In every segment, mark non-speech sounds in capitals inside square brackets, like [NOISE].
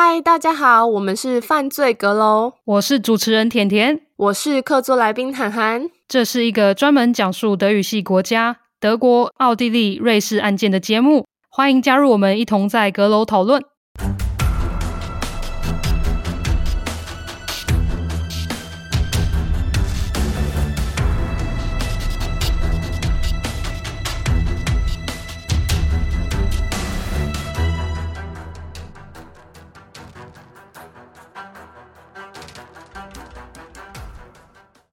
嗨，Hi, 大家好，我們是犯罪閣樓，我是主持人甜甜，我是客座來賓涵涵，這是一個專門講述德語系國家德國、奧地利、瑞士案件的節目，歡迎加入我們，一同在閣樓討論。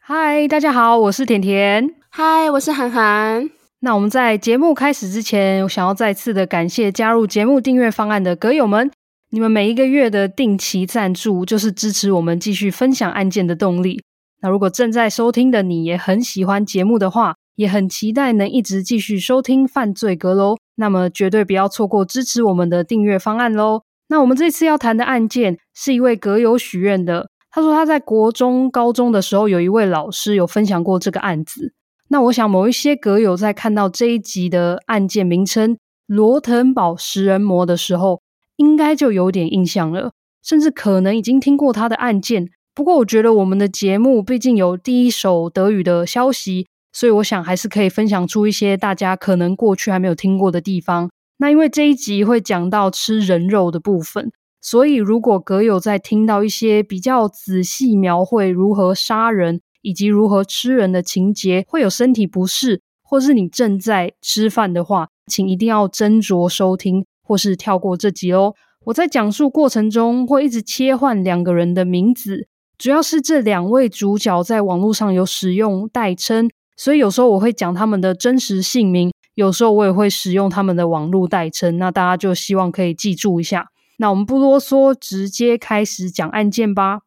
嗨，Hi, 大家好，我是甜甜。嗨，我是涵涵。那我們在節目開始之前，我想要再次的感謝加入節目訂閱方案的閣友們，你們每一個月的定期贊助，就是支持我們繼續分享案件的動力。那如果正在收聽的你也很喜歡節目的話，也很期待能一直繼續收聽犯罪閣樓，那麼絕對不要錯過支持我們的訂閱方案嘍。那我們這次要談的案件，是一位閣友許願的。他說他在國中、高中的時候，有一位老師有分享過這個案子。那我想，某一些閣友在看到這一集的案件名稱《羅騰堡食人魔》的時候，應該就有點印象了，甚至可能已經聽過他的案件。不過，我覺得我們的節目畢竟有第一手德語的消息，所以我想還是可以分享出一些大家可能過去還沒有聽過的地方。那因為這一集會講到吃人肉的部分。所以，如果閣友在聽到一些比較仔細描繪如何殺人以及如何吃人的情節，會有身體不適，或是你正在吃飯的話，請一定要斟酌收聽，或是跳過這集哦。我在講述過程中會一直切換兩個人的名字，主要是這兩位主角在網絡上有使用代稱，所以有時候我會講他們的真實姓名，有時候我也會使用他們的網絡代稱。那大家就希望可以記住一下。那我們不囉嗦，直接開始講案件吧。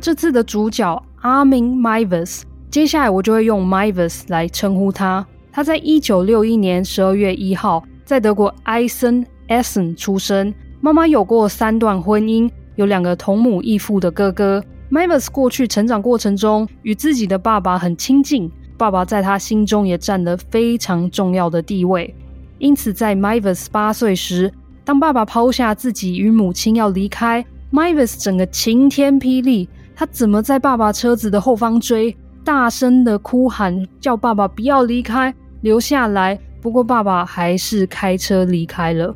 這次的主角阿明·邁爾斯，接下來我就會用邁爾斯來稱呼他。他在一九六一年十二月一號在德國埃森 Essen 出生，媽媽有過三段婚姻，有兩個同母異父的哥哥。Meiwes 過去成長過程中與自己的爸爸很親近，爸爸在他心中也占了非常重要的地位。因此，在 Meiwes 八歲時，當爸爸拋下自己與母親要離開，Meiwes 整個晴天霹靂。他怎麼在爸爸車子的後方追，大聲的哭喊，叫爸爸不要離開，留下來。不過爸爸還是開車離開了。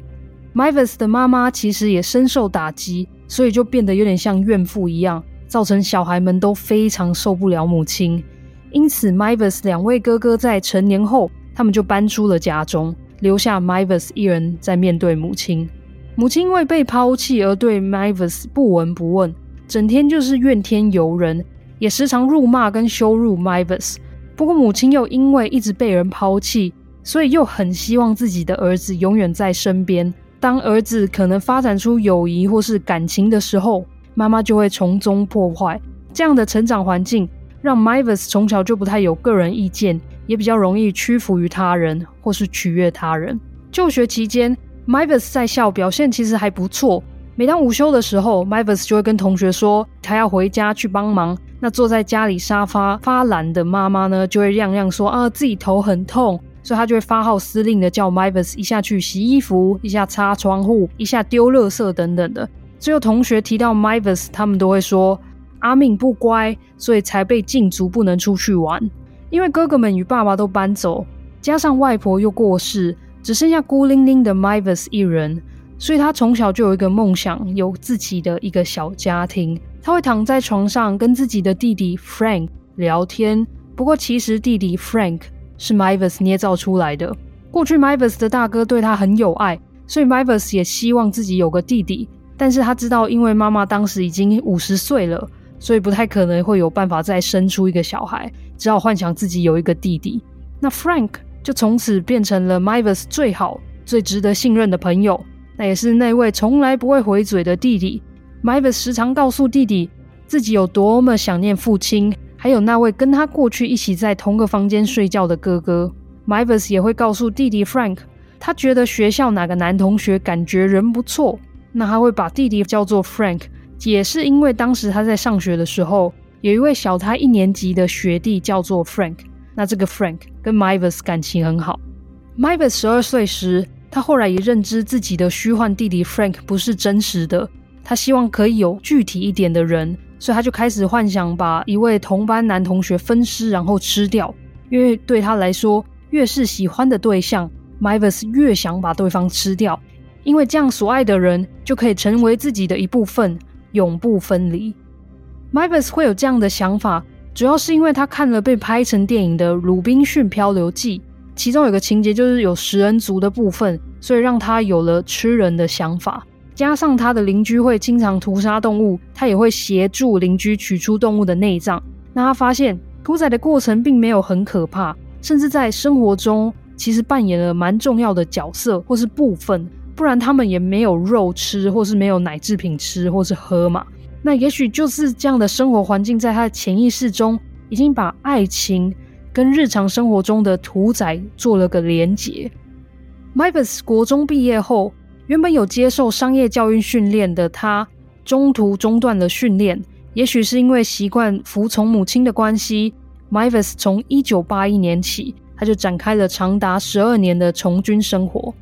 Meiwes 的媽媽其實也深受打擊，所以就變得有點像怨婦一樣。造成小孩們都非常受不了母親，因此 Meiwes 兩位哥哥在成年後，他們就搬出了家中，留下 Meiwes 一人在面對母親。母親因為被拋棄而對 Meiwes 不聞不問，整天就是怨天尤人，也時常辱罵跟羞辱 Meiwes。不過母親又因為一直被人拋棄，所以又很希望自己的兒子永遠在身邊。當兒子可能發展出友誼或是感情的時候，媽媽就會從中破壞，這樣的成長環境讓 Meiwes 從小就不太有個人意見，也比較容易屈服於他人或是取悅他人。就學期間，Meiwes 在校表現其實還不錯。每當午休的時候，Meiwes 就會跟同學說他要回家去幫忙。那坐在家裡沙發發懶的媽媽呢，就會亮亮說啊自己頭很痛，所以她就會發號施令的叫 Meiwes 一下去洗衣服，一下擦窗戶，一下丟垃圾等等的。只有同學提到 Meiwes，他們都會說阿敏不乖，所以才被禁足，不能出去玩。因為哥哥們與爸爸都搬走，加上外婆又過世，只剩下孤零零的 Meiwes 一人。所以他從小就有一個夢想，有自己的一個小家庭。他會躺在床上跟自己的弟弟 Frank 聊天。不過其實弟弟 Frank 是 Meiwes 捏造出來的。過去 Meiwes 的大哥對他很有愛，所以 Meiwes 也希望自己有個弟弟。但是他知道，因為媽媽當時已經五十歲了，所以不太可能會有辦法再生出一個小孩，只好幻想自己有一個弟弟。那 Frank 就從此變成了 Meiwes 最好、最值得信任的朋友，那也是那位從來不會回嘴的弟弟。Meiwes 時常告訴弟弟自己有多麼想念父親，還有那位跟他過去一起在同個房間睡覺的哥哥。Meiwes 也會告訴弟弟 Frank，他覺得學校哪個男同學感覺人不錯。那他會把弟弟叫做 Frank，也是因為當時他在上學的時候，有一位小他一年級的學弟叫做 Frank。那這個 Frank 跟 Meiwes 感情很好。Meiwes 十二歲時，他後來也認知自己的虛幻弟弟 Frank 不是真實的。他希望可以有具體一點的人，所以他就開始幻想把一位同班男同學分屍然後吃掉，因為對他來說，越是喜歡的對象，Meiwes 越想把對方吃掉。因為這樣，所愛的人就可以成為自己的一部分，永不分離。Meiwes 會有這樣的想法，主要是因為他看了被拍成電影的《魯濱遜漂流記》，其中有個情節就是有食人族的部分，所以讓他有了吃人的想法。加上他的鄰居會經常屠殺動物，他也會協助鄰居取出動物的內臟。那他發現屠宰的過程並沒有很可怕，甚至在生活中其實扮演了蠻重要的角色或是部分。不然他們也沒有肉吃，或是沒有奶製品吃，或是喝嘛。那也許就是這樣的生活環境，在他的潛意識中，已經把愛情跟日常生活中的屠宰做了個連結。Meiwes 國中畢業後，原本有接受商業教育訓練的他，中途中斷了訓練。也許是因為習慣服從母親的關係，Meiwes 從一九八一年起，他就展開了長達十二年的從軍生活。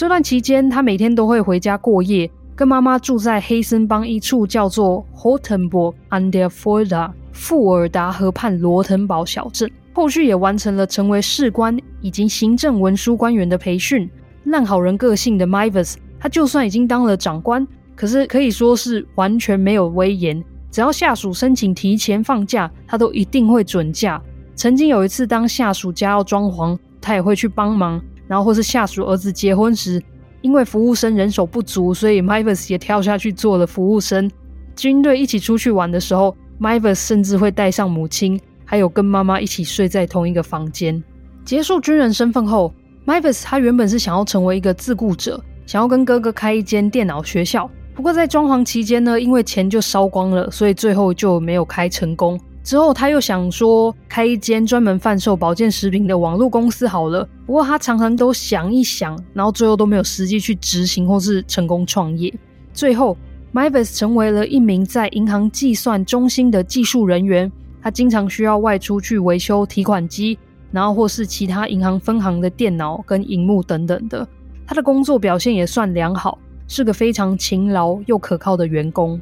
這段期間，他每天都會回家過夜，跟媽媽住在黑森邦一處叫做 Rotenburg an der Fulda 富爾達河畔羅滕堡小鎮。後續也完成了成為士官以及行政文書官員的培訓。爛好人個性的 Meiwes，他就算已經當了長官，可是可以說是完全沒有威嚴。只要下屬申請提前放假，他都一定會准假。曾經有一次，當下屬家要裝潢，他也會去幫忙。然後或是下屬兒子結婚時，因為服務生人手不足，所以 Meiwes 也跳下去做了服務生。軍隊一起出去玩的時候，Meiwes 甚至會帶上母親，還有跟媽媽一起睡在同一個房間。結束軍人身份後，Meiwes 他原本是想要成為一個自僱者，想要跟哥哥開一間電腦學校。不過在裝潢期間呢，因為錢就燒光了，所以最後就沒有開成功。之後，他又想說開一間專門販售保健食品的網絡公司好了。不過他常常都想一想，然後最後都沒有實際去執行或是成功創業。最後，Meiwes 成為了一名在銀行計算中心的技術人員。他經常需要外出去維修提款機，然後或是其他銀行分行的電腦跟螢幕等等的。他的工作表現也算良好，是個非常勤勞又可靠的員工。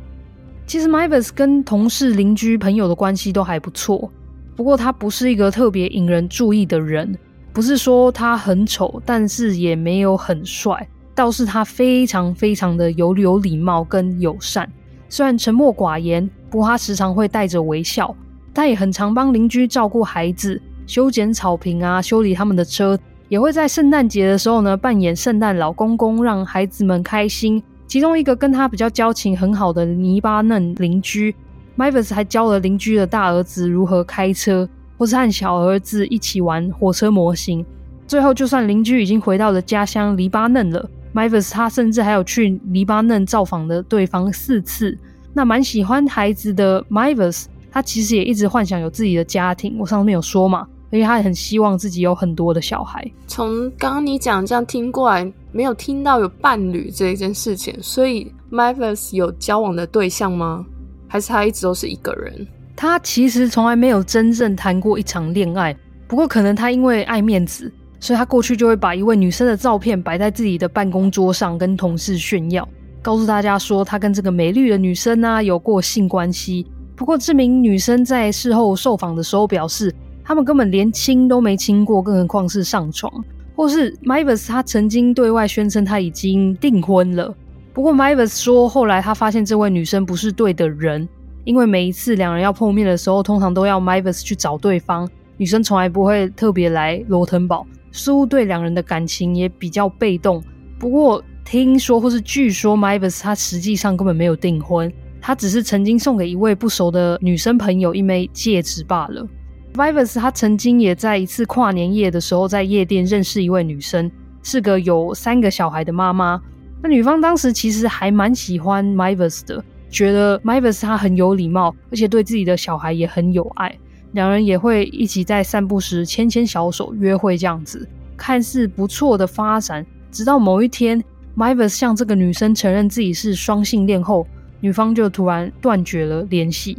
其實，Meiwes 跟同事、鄰居、朋友的關係都還不錯。不過，他不是一個特別引人注意的人。不是說他很醜，但是也沒有很帥。倒是他非常非常的有有禮貌跟友善。雖然沉默寡言，不過他時常會帶着微笑。他也很常幫鄰居照顧孩子、修剪草坪啊、修理他們的車，也會在聖誕節的時候呢扮演聖誕老公公，讓孩子們開心。其中一個跟他比較交情很好的黎巴嫩鄰居，Meiwes 還教了鄰居的大兒子如何開車，或是和小兒子一起玩火車模型。最後，就算鄰居已經回到了家鄉黎巴嫩了，Meiwes 他甚至還有去黎巴嫩造訪了對方四次。那蠻喜歡孩子的 Meiwes，他其實也一直幻想有自己的家庭。我上面有說嘛。而且他也很希望自己有很多的小孩。從剛剛你講這樣聽過來，沒有聽到有伴侶這一件事情。所以，Meiwes 有交往的對象嗎？還是他一直都是一個人？他其實從來沒有真正談過一場戀愛。不過，可能他因為愛面子，所以他過去就會把一位女生的照片擺在自己的辦公桌上，跟同事炫耀，告訴大家說他跟這個美麗的女生啊有過性關係。不過，這名女生在事後受訪的時候表示，他們根本連親都沒親過，更何況是上床。或是 Meiwes，他曾經對外宣稱他已經訂婚了。不過 Meiwes 說，後來他發現這位女生不是對的人，因為每一次兩人要碰面的時候，通常都要 Meiwes 去找對方，女生從來不會特別來羅騰堡，似乎對兩人的感情也比較被動。不過聽說或是據說，Meiwes 他實際上根本沒有訂婚，他只是曾經送給一位不熟的女生朋友一枚戒指罷了。Meiwes 他曾經也在一次跨年夜的時候，在夜店認識一位女生，是個有三個小孩的媽媽。那女方當時其實還蠻喜歡 Meiwes 的，覺得 Meiwes 她很有禮貌，而且對自己的小孩也很有愛，兩人也會一起在散步時牽牽小手約會這樣子，看似不錯的發展。直到某一天，Meiwes 向這個女生承認自己是雙性戀後，女方就突然斷絕了聯繫。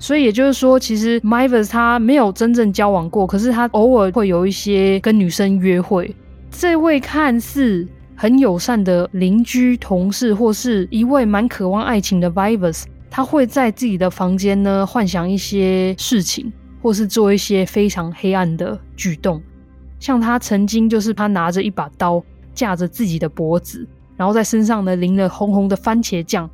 所以也就是說，其實 Meiwes 他沒有真正交往過，可是他偶爾會有一些跟女生約會。這位看似很友善的鄰居、同事，或是一位蠻渴望愛情的 Meiwes，他會在自己的房間呢幻想一些事情，或是做一些非常黑暗的舉動。像他曾經就是他拿着一把刀架着自己的脖子，然後在身上呢淋了紅紅的番茄醬。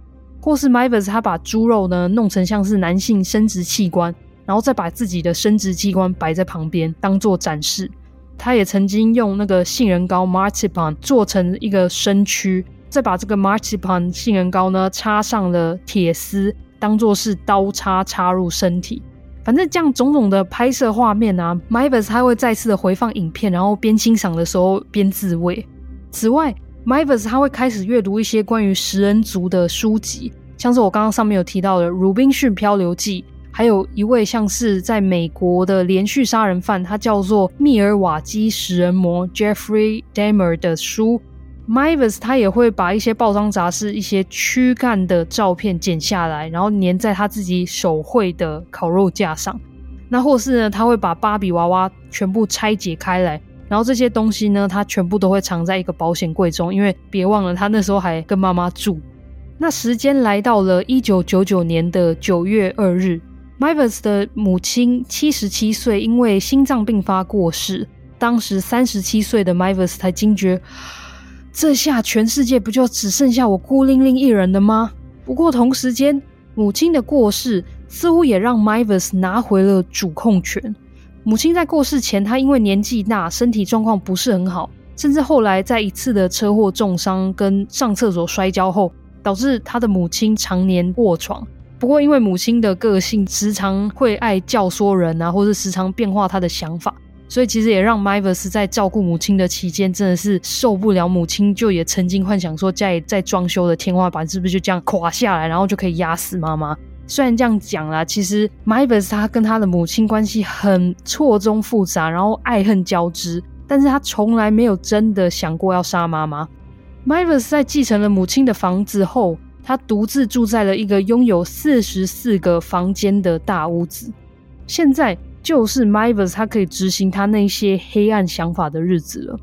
或是 Meiwes 他把豬肉呢弄成像是男性生殖器官，然後再把自己的生殖器官擺在旁邊當做展示。他也曾經用那個杏仁膏 Marzipan 做成一個身軀，再把這個 Marzipan 杏仁膏呢插上了鐵絲，當做是刀叉插入身體。反正這樣種種的拍攝畫面啊，Meiwes 他會再次的回放影片，然後邊欣賞的時候邊自慰。此外，Meiwes，他會開始閱讀一些關於食人族的書籍，像是我剛剛上面有提到的《魯濱遜漂流記》，還有一位像是在美國的連續殺人犯，他叫做密爾瓦基食人魔 Jeffrey Dahmer 的書。Meiwes 他也會把一些報章雜誌、一些軀幹的照片剪下來，然後粘在他自己手繪的烤肉架上。那或是呢，他會把芭比娃娃全部拆解開來。然後這些東西呢，他全部都會藏在一個保險櫃中，因為別忘了，他那時候還跟媽媽住。那時間來到了一九九九年的九月二日，Meiwes 的母親七十七歲，因為心臟病發過世。當時三十七歲的 Meiwes 才驚覺，這下全世界不就只剩下我孤零零一人了嗎？不過同時間，母親的過世似乎也讓 Meiwes 拿回了主控權。母親在過世前，她因為年紀大，身體狀況不是很好，甚至後來在一次的車禍重傷跟上廁所摔跤後，導致她的母親常年臥床。不過因為母親的個性時常會愛教唆人啊，或者時常變化她的想法，所以其實也讓邁維斯在照顧母親的期間真的是受不了。母親就也曾經幻想說，家裡在裝修的天花板是不是就這樣垮下來，然後就可以壓死媽媽。雖然這樣講啦，其實 Meiwes 他跟他的母親關係很錯綜複雜，然後愛恨交織，但是他從來沒有真的想過要殺媽媽。Meiwes 在繼承了母親的房子後，他獨自住在了一個擁有四十四個房間的大屋子。現在就是 Meiwes 他可以執行他那些黑暗想法的日子了。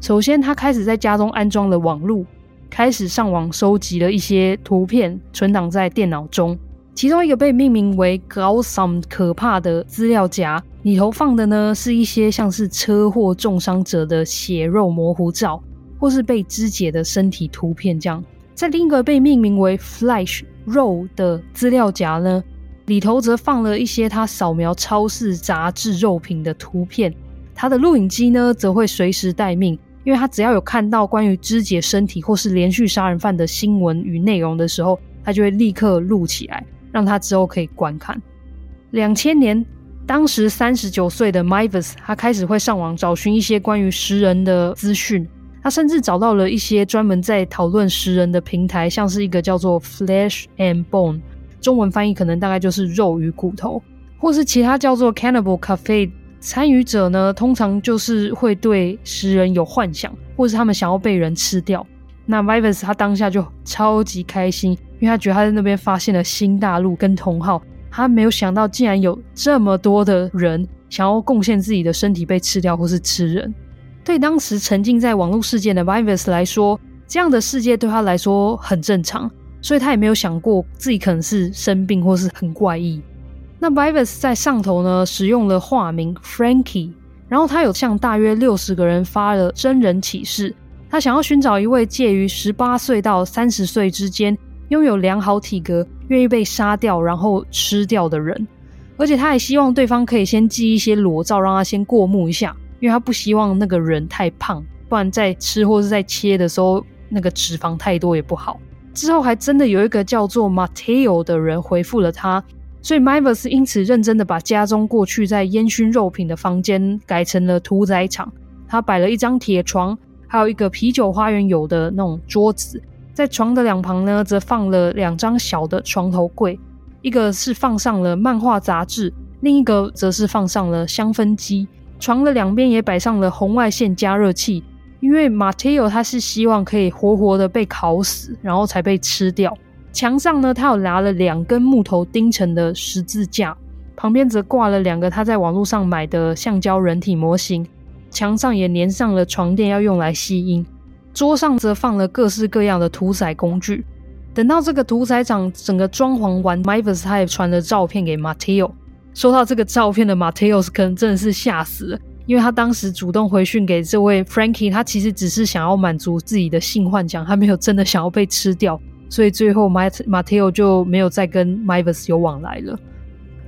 首先，他開始在家中安裝了網絡，開始上網收集了一些圖片，存檔在電腦中。其中一個被命名為 Ghoulsum 可怕的資料夾裡頭放的呢，是一些像是車禍重傷者的血肉模糊照，或是被肢解的身體圖片這樣。在另一個被命名為 “Flash 肉”的資料夾呢，裡頭則放了一些他掃描超市雜誌肉品的圖片。他的錄影機呢，則會隨時待命，因為他只要有看到關於肢解身體或是連續殺人犯的新聞與內容的時候，他就會立刻錄起來。讓他之後可以觀看。兩千年，當時三十九歲的 Meiwes，他開始會上網找尋一些關於食人的資訊。他甚至找到了一些專門在討論食人的平台，像是一個叫做 “Flesh and Bone”，中文翻譯可能大概就是“肉與骨頭”，或是其他叫做 “Cannibal Cafe”。參與者呢，通常就是會對食人有幻想，或是他們想要被人吃掉。那 Meiwes 他當下就超級開心，因為他覺得他在那邊發現了新大陸跟同好。他沒有想到竟然有這麼多的人想要貢獻自己的身體被吃掉或是吃人。對當時沉浸在網絡世界的 Meiwes 來說，這樣的世界對他來說很正常，所以他也沒有想過自己可能是生病或是很怪異。那 Meiwes 在上頭呢，使用了化名 Franky，然後他有向大約六十個人發了真人啟事。他想要尋找一位介於十八歲到三十歲之間、擁有良好體格、願意被殺掉然後吃掉的人，而且他也希望對方可以先寄一些裸照讓他先過目一下，因為他不希望那個人太胖，不然在吃或是在切的時候，那個脂肪太多也不好。之後還真的有一個叫做 Matteo 的人回復了他，所以 Meiwes 因此認真的把家中過去在煙熏肉品的房間改成了屠宰場，他擺了一張鐵床。還有一個啤酒花園有的那種桌子，在床的兩旁呢，則放了兩張小的床頭櫃，一個是放上了漫畫雜誌，另一個則是放上了香氛機。床的兩邊也擺上了紅外線加熱器。因為 Matteo 他是希望可以活活的被烤死，然後才被吃掉。牆上呢，他有拿了兩根木頭釘成的十字架，旁邊則掛了兩個他在網絡上買的橡膠人體模型。牆上也粘上了床墊，要用來吸音。桌上則放了各式各樣的屠宰工具。等到這個屠宰場整個裝潢完，Meiwes 他也傳了照片給 Mateo。收到這個照片的 Mateo 可能真的是嚇死了，因為他當時主動回訊給這位 Franky，他其實只是想要滿足自己的性幻想，他沒有真的想要被吃掉。所以最後 Mate Mateo 就沒有再跟 Meiwes 有往來了。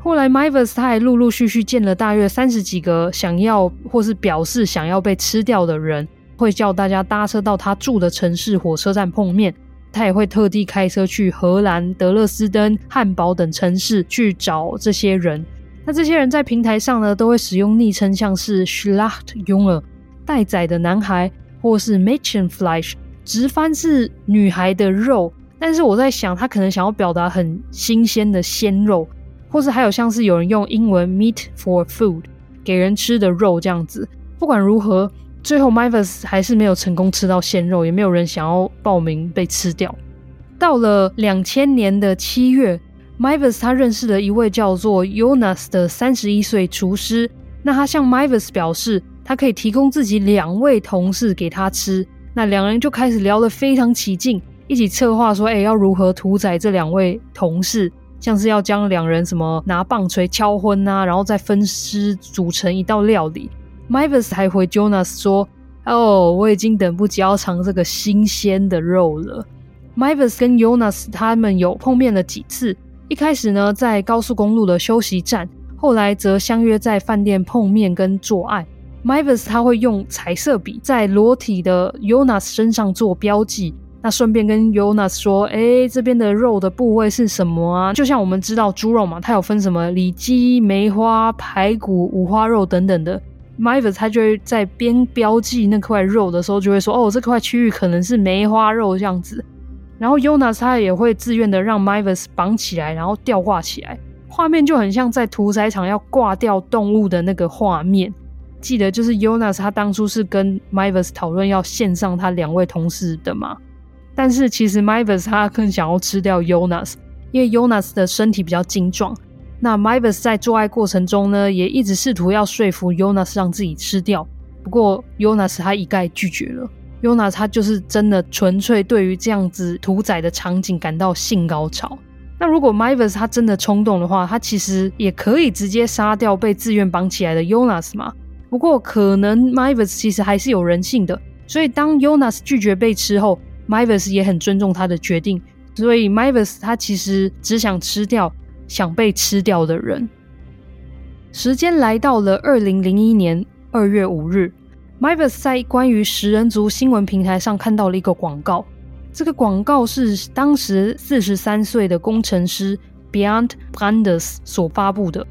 後來，Myers 他也陸陸續續見了大約三十幾個想要或是表示想要被吃掉的人，會叫大家搭車到他住的城市火車站碰面。他也會特地開車去荷蘭、德勒斯登、漢堡等城市去找這些人。那這些人在平台上呢，都會使用昵稱，像是 s c h l a c h t j u n g 待、er, 宰的男孩）或是 m i t c h e n f l e i s c h 直翻是女孩的肉）。但是我在想，他可能想要表達很新鮮的鮮肉。或是還有像是有人用英文 meat for food 給人吃的肉這樣子。不管如何，最後 Meiwes 還是沒有成功吃到鮮肉，也沒有人想要報名被吃掉。到了兩千年的七月，Meiwes 他認識了一位叫做 Jonas 的三十一歲廚師。那他向 Meiwes 表示，他可以提供自己兩位同事給他吃。那兩人就開始聊得非常起勁，一起策劃說，誒，欸，要如何屠宰這兩位同事。像是要將兩人什麼拿棒槌敲昏啊，然後再分屍組成一道料理。Meiwes 還回 Jonas 說：“哦、oh，我已經等不及要嘗這個新鮮的肉了。”Meiwes 跟 Jonas 他們有碰面了幾次，一開始呢在高速公路的休息站，後來則相約在飯店碰面跟做愛。Meiwes 他會用彩色筆在裸體的 Jonas 身上做標記。那順便跟 Yonas 說，哎，這邊的肉的部位是什麼啊？就像我們知道豬肉嘛，它有分什麼里脊、梅花、排骨、五花肉等等的。Meiwes 他就會在邊標記那塊肉的時候，就會說，哦，這塊區域可能是梅花肉這樣子。然後 Yonas 他也會自願的讓 Meiwes 綁起來，然後吊掛起來，畫面就很像在屠宰場要掛掉動物的那個畫面。記得就是 Yonas 他當初是跟 Meiwes 討論要獻上他兩位同事的嘛？但是其實 Meiwes 他更想要吃掉 Jonas，因為 Jonas 的身體比較精壯。那 Meiwes 在做愛過程中呢，也一直試圖要說服 Jonas 讓自己吃掉。不過 Jonas 他一概拒絕了。Jonas 他就是真的純粹對於這樣子屠宰的場景感到性高潮。那如果 Meiwes 他真的衝動的話，他其實也可以直接殺掉被自願綁起來的 Jonas 嘛。不過可能 Meiwes 其實還是有人性的，所以當 Jonas 拒絕被吃後，Meiwes 也很尊重他的決定，所以 Meiwes 他其實只想吃掉想被吃掉的人。時間來到了二零零一年二月五日，Meiwes 在關於食人族新聞平台上看到了一個廣告。這個廣告是當時四十三歲的工程師 Bernd Brandes 所發布的，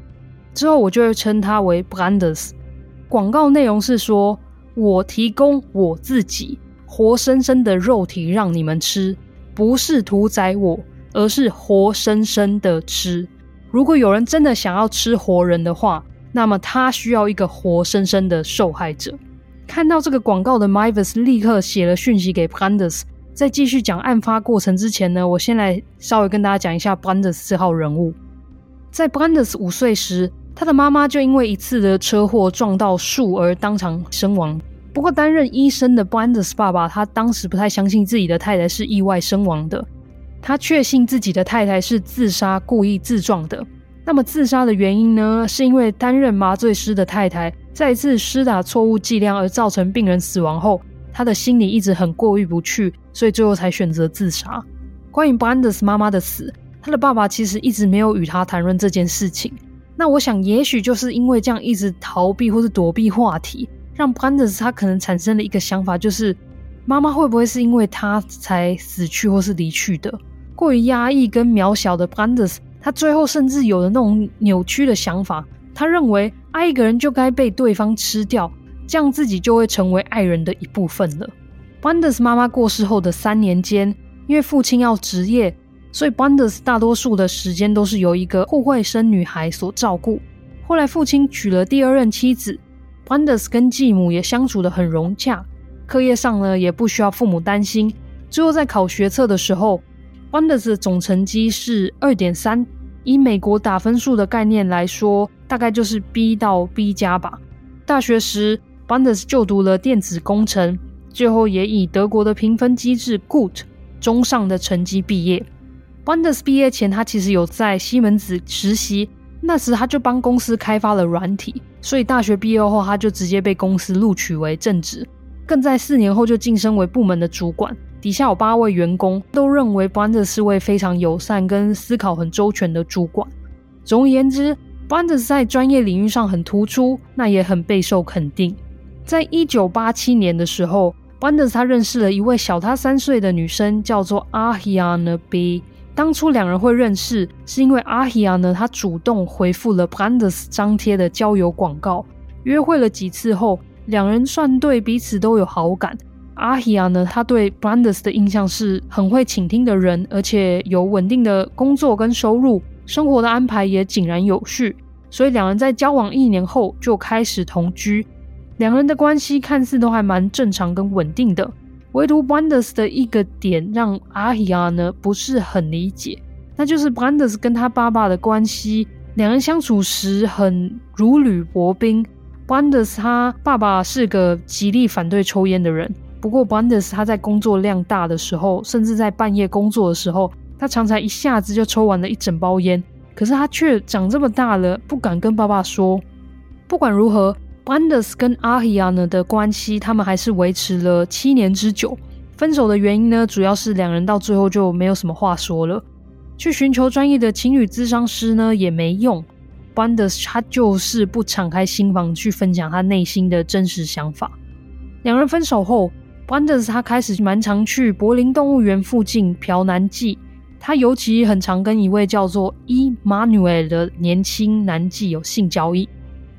之後我就會稱他為 Brandes。廣告內容是說：“我提供我自己。”活生生的肉體讓你們吃，不是屠宰我，而是活生生的吃。如果有人真的想要吃活人的話，那麼他需要一個活生生的受害者。看到這個廣告的 m y e s 立刻寫了訊息給 b a n d e。s 在繼續講案發過程之前呢，我先來稍微跟大家講一下 b a n d e s 這號人物。在 b a n d e s 五歲時，他的媽媽就因為一次的車禍撞到樹而當場身亡。不過，擔任醫生的 Brandes 爸爸，他當時不太相信自己的太太是意外身亡的，他確信自己的太太是自殺、故意自撞的。那麼，自殺的原因呢？是因為擔任麻醉師的太太，再一次施打錯誤劑量而造成病人死亡後，他的心裡一直很過意不去，所以最後才選擇自殺。關於 Brandes 媽媽的死，他的爸爸其實一直沒有與他談論這件事情。那我想，也許就是因為這樣一直逃避或是躲避話題。讓 Brandes 他可能產生了一個想法，就是媽媽會不會是因為他才死去或是離去的？過於壓抑跟渺小的 Brandes，他最後甚至有了那種扭曲的想法，他認為愛一個人就該被對方吃掉，這樣自己就會成為愛人的一部分了。Brandes 媽媽過世後的三年間，因為父親要職業，所以 Brandes 大多數的時間都是由一個互惠生女孩所照顧。後來父親娶了第二任妻子。Brandes 跟繼母也相處得很融洽，課業上呢也不需要父母擔心。最後在考學測的時候，Brandes 的總成績是二點三，以美國打分數的概念來說，大概就是 B 到 B 加吧。大學時，Brandes 就讀了電子工程，最後也以德國的評分機制 Gut 中上的成績畢業。Brandes 畢業前，他其實有在西門子實習。那時他就幫公司開發了軟體，所以大學畢業後他就直接被公司錄取為正職，更在四年後就晉升為部門的主管，底下有八位員工都認為 Brandes 是位非常友善跟思考很周全的主管。總而言之，Brandes 在專業領域上很突出，那也很備受肯定。在一九八七年的時候，Brandes 他認識了一位小他三歲的女生，叫做 Ahiana B. 當初兩人會認識，是因為阿希亞呢，他主動回復了 Brandes 張貼的交友廣告。約會了幾次後，兩人算對彼此都有好感。阿希亞呢，他對 Brandes 的印象是很會傾聽的人，而且有穩定的工作跟收入，生活的安排也井然有序。所以兩人在交往一年後就開始同居。兩人的關係看似都還蠻正常跟穩定的。唯獨 Brandes 的一個點讓阿希安、啊、呢不是很理解，那就是 Brandes 跟他爸爸的關係，兩人相處時很如履薄冰。Brandes 他爸爸是個極力反對抽菸的人，不過 Brandes 他在工作量大的時候，甚至在半夜工作的時候，他常常一下子就抽完了一整包菸，可是他卻長這麼大了不敢跟爸爸說。不管如何。Brandes 跟阿希亞呢的關係，他們還是維持了七年之久。分手的原因呢，主要是兩人到最後就沒有什麼話說了。去尋求專業的情侶諮商師呢也沒用。Brandes 他就是不敞開心房去分享他內心的真實想法。兩人分手後 Brandes 他開始蠻常去柏林動物園附近嫖男妓，他尤其很常跟一位叫做 Emanuel em 的年輕男妓有性交易。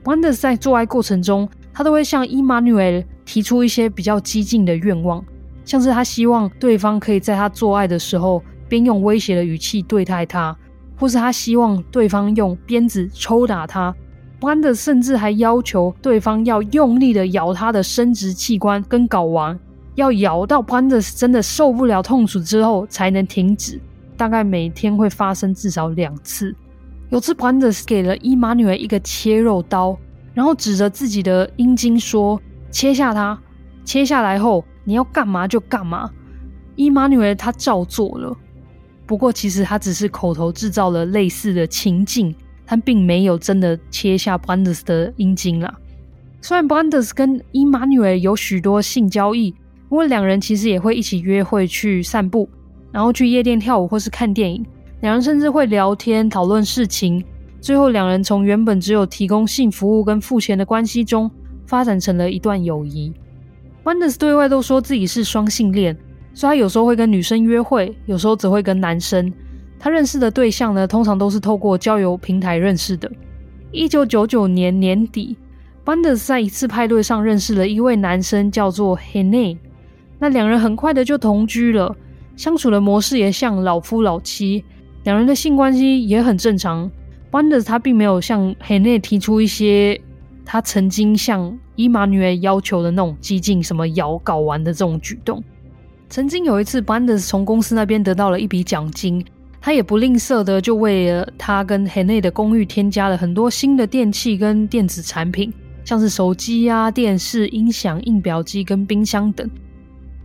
Brandes 在做愛過程中，他都會向 Emmanuel 提出一些比較激進的願望，像是他希望對方可以在他做愛的時候邊用威脅的語氣對待他，或是他希望對方用鞭子抽打他。Brandes 甚至還要求對方要用力的咬他的生殖器官跟睾丸，要咬到 Brandes 真的受不了痛楚之後才能停止。大概每天會發生至少兩次。有次，Brandes 給了伊瑪女兒一個切肉刀，然後指着自己的陰莖說：“切下它，切下來後你要幹嘛就幹嘛。”伊瑪女兒她照做了。不過，其實他只是口頭製造了類似的情境，但並沒有真的切下 Brandes 的陰莖啦。雖然 Brandes 跟伊瑪女兒有許多性交易，不過兩人其實也會一起約會去散步，然後去夜店跳舞或是看電影。兩人甚至會聊天討論事情，最後兩人從原本只有提供性服務跟付錢的關係中，發展成了一段友誼。Brandes 對外都說自己是雙性戀，所以他有時候會跟女生約會，有時候只會跟男生。他認識的對象呢，通常都是透過交友平台認識的。一九九九年年底，Brandes 在一次派對上認識了一位男生，叫做 Hane，那兩人很快的就同居了，相處的模式也像老夫老妻。兩人的性關係也很正常，Brandes 他並沒有向海內提出一些他曾經向伊瑪女兒要求的那種激進，什麼咬睾丸的這種舉動。曾經有一次，Brandes 從公司那邊得到了一筆獎金，他也不吝嗇的就為了他跟海內的公寓添加了很多新的電器跟電子產品，像是手機啊、電視、音響、印表機跟冰箱等。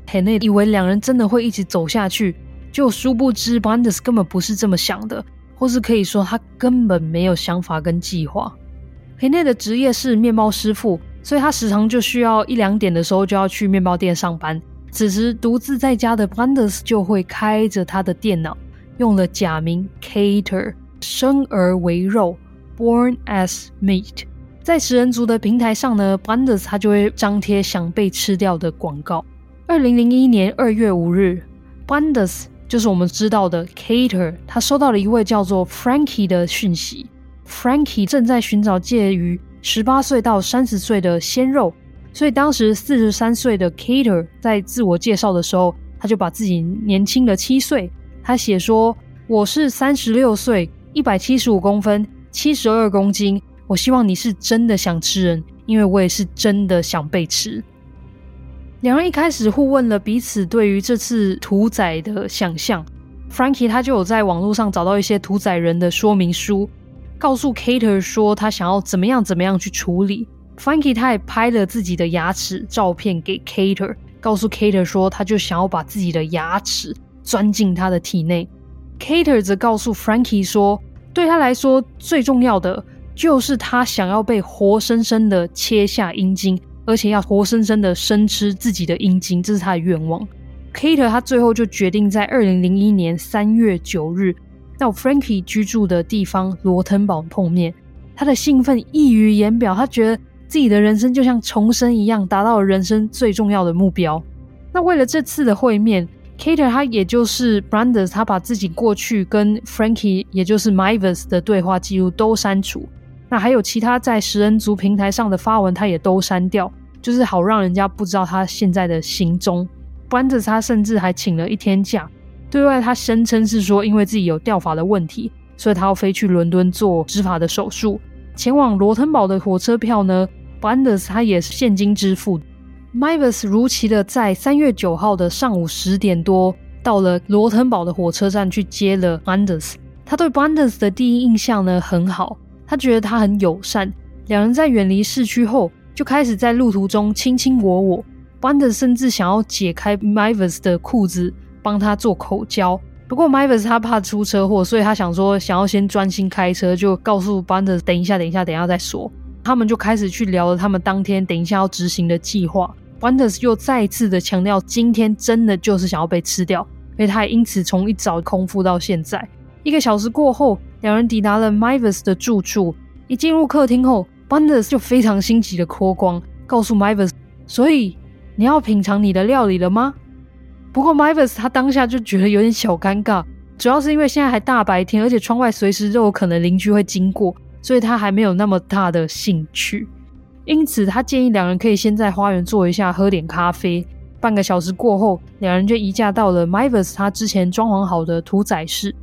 海內以為兩人真的會一直走下去。就殊不知，Brandes 根本不是這麼想的，或是可以說他根本沒有想法跟計劃。皮內的職業是麵包師傅，所以他時常就需要一兩點的時候就要去麵包店上班。此時獨自在家的 Brandes 就會開着他的電腦，用了假名 Cator，生而為肉 （Born as Meat）。在食人族的平台上呢，Brandes 他就會張貼想被吃掉的廣告。二零零一年二月五日，Brandes。就是我們知道的 Cator，他收到了一位叫做 Franky 的訊息。Franky 正在尋找介於十八歲到三十歲的鮮肉，所以當時四十三歲的 Cator 在自我介紹的時候，他就把自己年輕了七歲。他寫說：“我是三十六歲，一百七十五公分，七十二公斤。我希望你是真的想吃人，因為我也是真的想被吃。”兩人一開始互問了彼此對於這次屠宰的想象。Franky 他就有在網絡上找到一些屠宰人的說明書，告訴 Cator 說他想要怎麼樣怎麼樣去處理。Franky 他也拍了自己的牙齒照片給 Cator，告訴 Cator 說他就想要把自己的牙齒鑽進他的體內。Cator 則告訴 Franky 說，對他來說最重要的就是他想要被活生生的切下陰莖。而且要活生生的生吃自己的陰莖，這是他的願望。Cator 他最後就決定在二零零一年三月九日到 Franky 居住的地方，羅騰堡碰面。他的興奮溢於言表，他覺得自己的人生就像重生一樣，達到了人生最重要的目標。那為了這次的會面，Cator 他也就是 Brandes，他把自己過去跟 Franky 也就是 Meiwes 的對話記錄都刪除。那還有其他在食人族平台上的發文，他也都刪掉，就是好讓人家不知道他現在的行蹤。Brandes 他甚至還請了一天假，對外他聲稱是說因為自己有掉髮的問題，所以他要飛去倫敦做植髮的手術。前往羅滕堡的火車票呢，Brandes 他也是現金支付。Meiwes 如期的在三月九號的上午十點多到了羅滕堡的火車站去接了 Brandes。他對 Brandes 的第一印象呢很好。他覺得他很友善，兩人在遠離市區後就開始在路途中卿卿我我。Brandes 甚至想要解開 Meiwes 的褲子幫他做口交，不過 Meiwes 他怕出車禍，所以他想說想要先專心開車，就告訴 Brandes 等一下，等一下，等一下再說。他們就開始去聊了他們當天等一下要執行的計劃。Brandes 又再一次的強調，今天真的就是想要被吃掉，所以他也因此從一早空腹到現在。一個小時過後，兩人抵達了 Meiwes 的住處，一進入客廳後 Brandes 就非常心急的脫光，告訴 Meiwes，所以你要品嘗你的料理了嗎？”不過 Meiwes 他當下就覺得有點小尷尬，主要是因為現在還大白天，而且窗外隨時都有可能鄰居會經過，所以他還沒有那麼大的興趣。因此，他建議兩人可以先在花園坐一下，喝點咖啡。半個小時過後，兩人就移駕到了 Meiwes 他之前裝潢好的屠宰室。